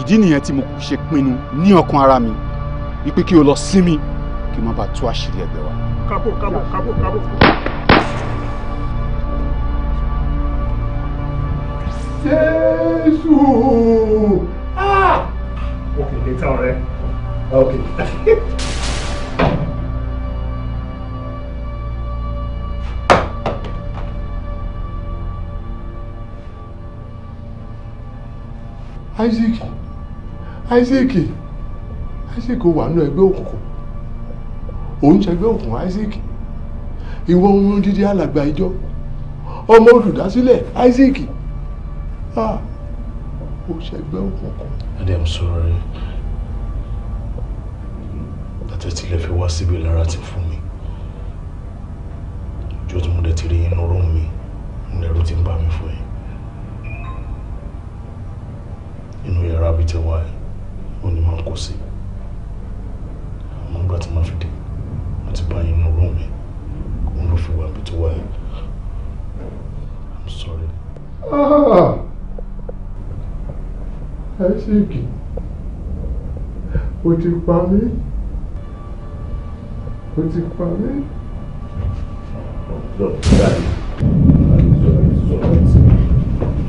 ìdí nìyẹn tí mo ṣe pinnu ní ọkàn ara mi wípé kí o lọ sinmi kí o má bàa tú àṣírí ẹgbẹ́ wa. kábò kábò kábò kábò. Jésù ah ok níta ọ̀rẹ́ ok. Isaac. Isaac Isaac wà nínú ẹgbẹ́ òkùnkùn òun ṣẹgbẹ́ òkùnkùn Isaac ìwọ ohun dídí alàgbà ìjọ ọmọ olùdásílẹ̀ Isaac ah ó ṣẹgbẹ́ òkùnkùn. I am sorry àtẹ̀tí lè fi wá síbi lára ti fún àìsíkì ah, ó ti pa mí ó ti pa mí. Sorry, Sorry. Sorry.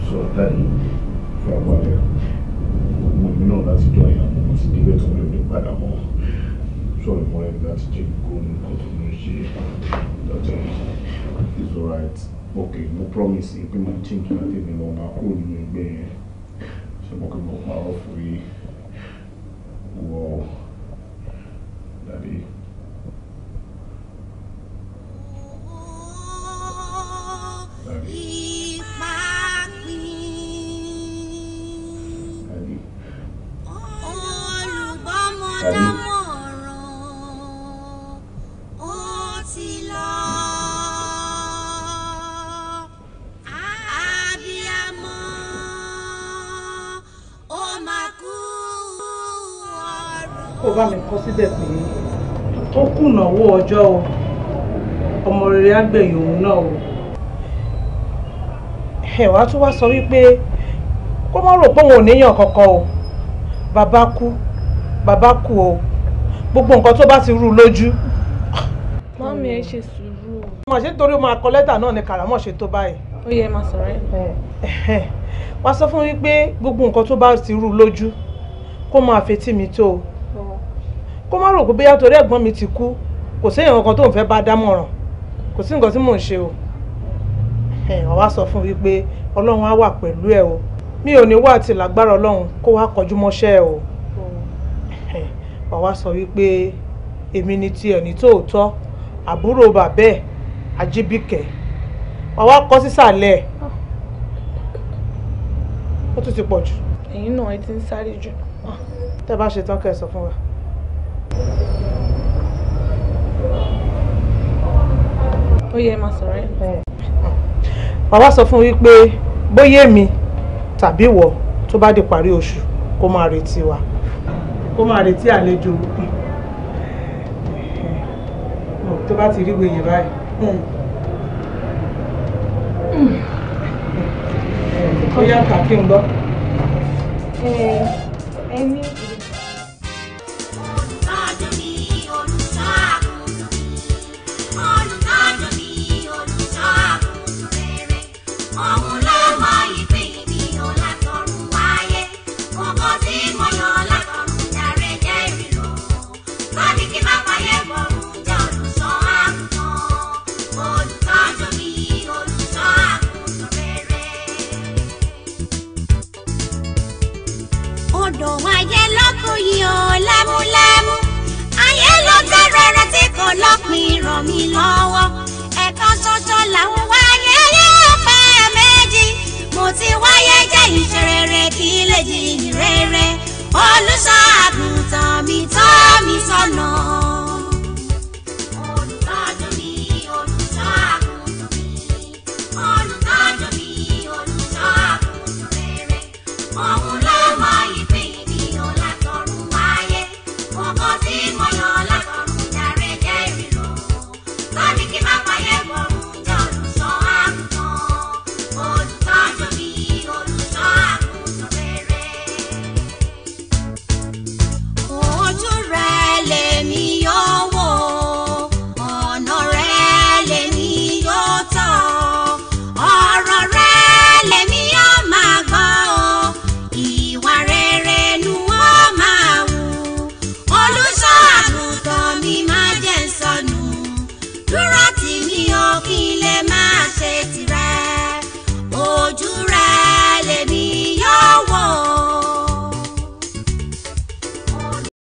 Sorry. Sorry. my that's Jake Gunn, because I'm not sure. That's all. It's alright ok mo promise yín pé máa change máa tètè lọ máa kúrò nínú ẹgbẹ́ yẹn ṣùgbọ́n pé mo parọ́ fún yín wọ́ọ́. ọjọ́ o ọmọ rere àgbẹ̀yìn òun náà o. ẹ wàá tún wá sọ wípé kó má rò pé òun ò níyàn kankan o bàbá kú bàbá kú o gbogbo nǹkan tó bá ti rú lójú. mọ́mí ẹ ṣe sùúrù o. màá ṣe nítorí máa kọ lẹ́tà náà ni kàràmọ́ ṣe tó báyìí. ó yẹ máa sọ̀rọ̀ ẹ̀. wàá sọ fún mi pé gbogbo nǹkan tó bá ti rú lójú kó máa fetí mi tó o kó má rò pé bóyá torí ẹ̀gbọ́n mi ti kú kò séèyàn kan tó ń fẹ́ bá dámọ̀ràn kò sí nǹkan tí mò ń ṣe o wọ́n wá sọ fún mi pé ọlọ́run á wà pẹ̀lú ẹ o mi ò ní wà tí lágbára ọlọ́run kó wá kọjú mọ́ṣẹ́ o wọ́n wá sọ wípé èmi ni ti ẹni tóòótọ́ àbúrò bàbẹ́ Ajíbíkẹ́ wọ́n wá kọ́ sísàlẹ̀ ó tún ti pọ̀ jù. ẹ̀yin náà ẹ ti ń sáré jù. tẹ́ bá ṣe tán kẹ́ ẹ sọ fún wa. ó yẹ máa sọ̀rọ̀ ẹ̀. bàbá sọ fún wípé bóyá èmi tàbí ìwọ tó bá di parí oṣù kó máa retí wa kó máa retí àlejò tó bá ti rí gbèyìn báyìí. ó yá kà kí n gbọ́. ẹ̀mí. ràn mí lọ́wọ́ ẹ̀kan ṣoṣo làwọn wáyé yóò fẹ́ méjì mo ti wáyé jẹ́ ìṣerere kí lè jìnrere olùṣọ́ àgùntàn mi tọ́ mi sọ́nà.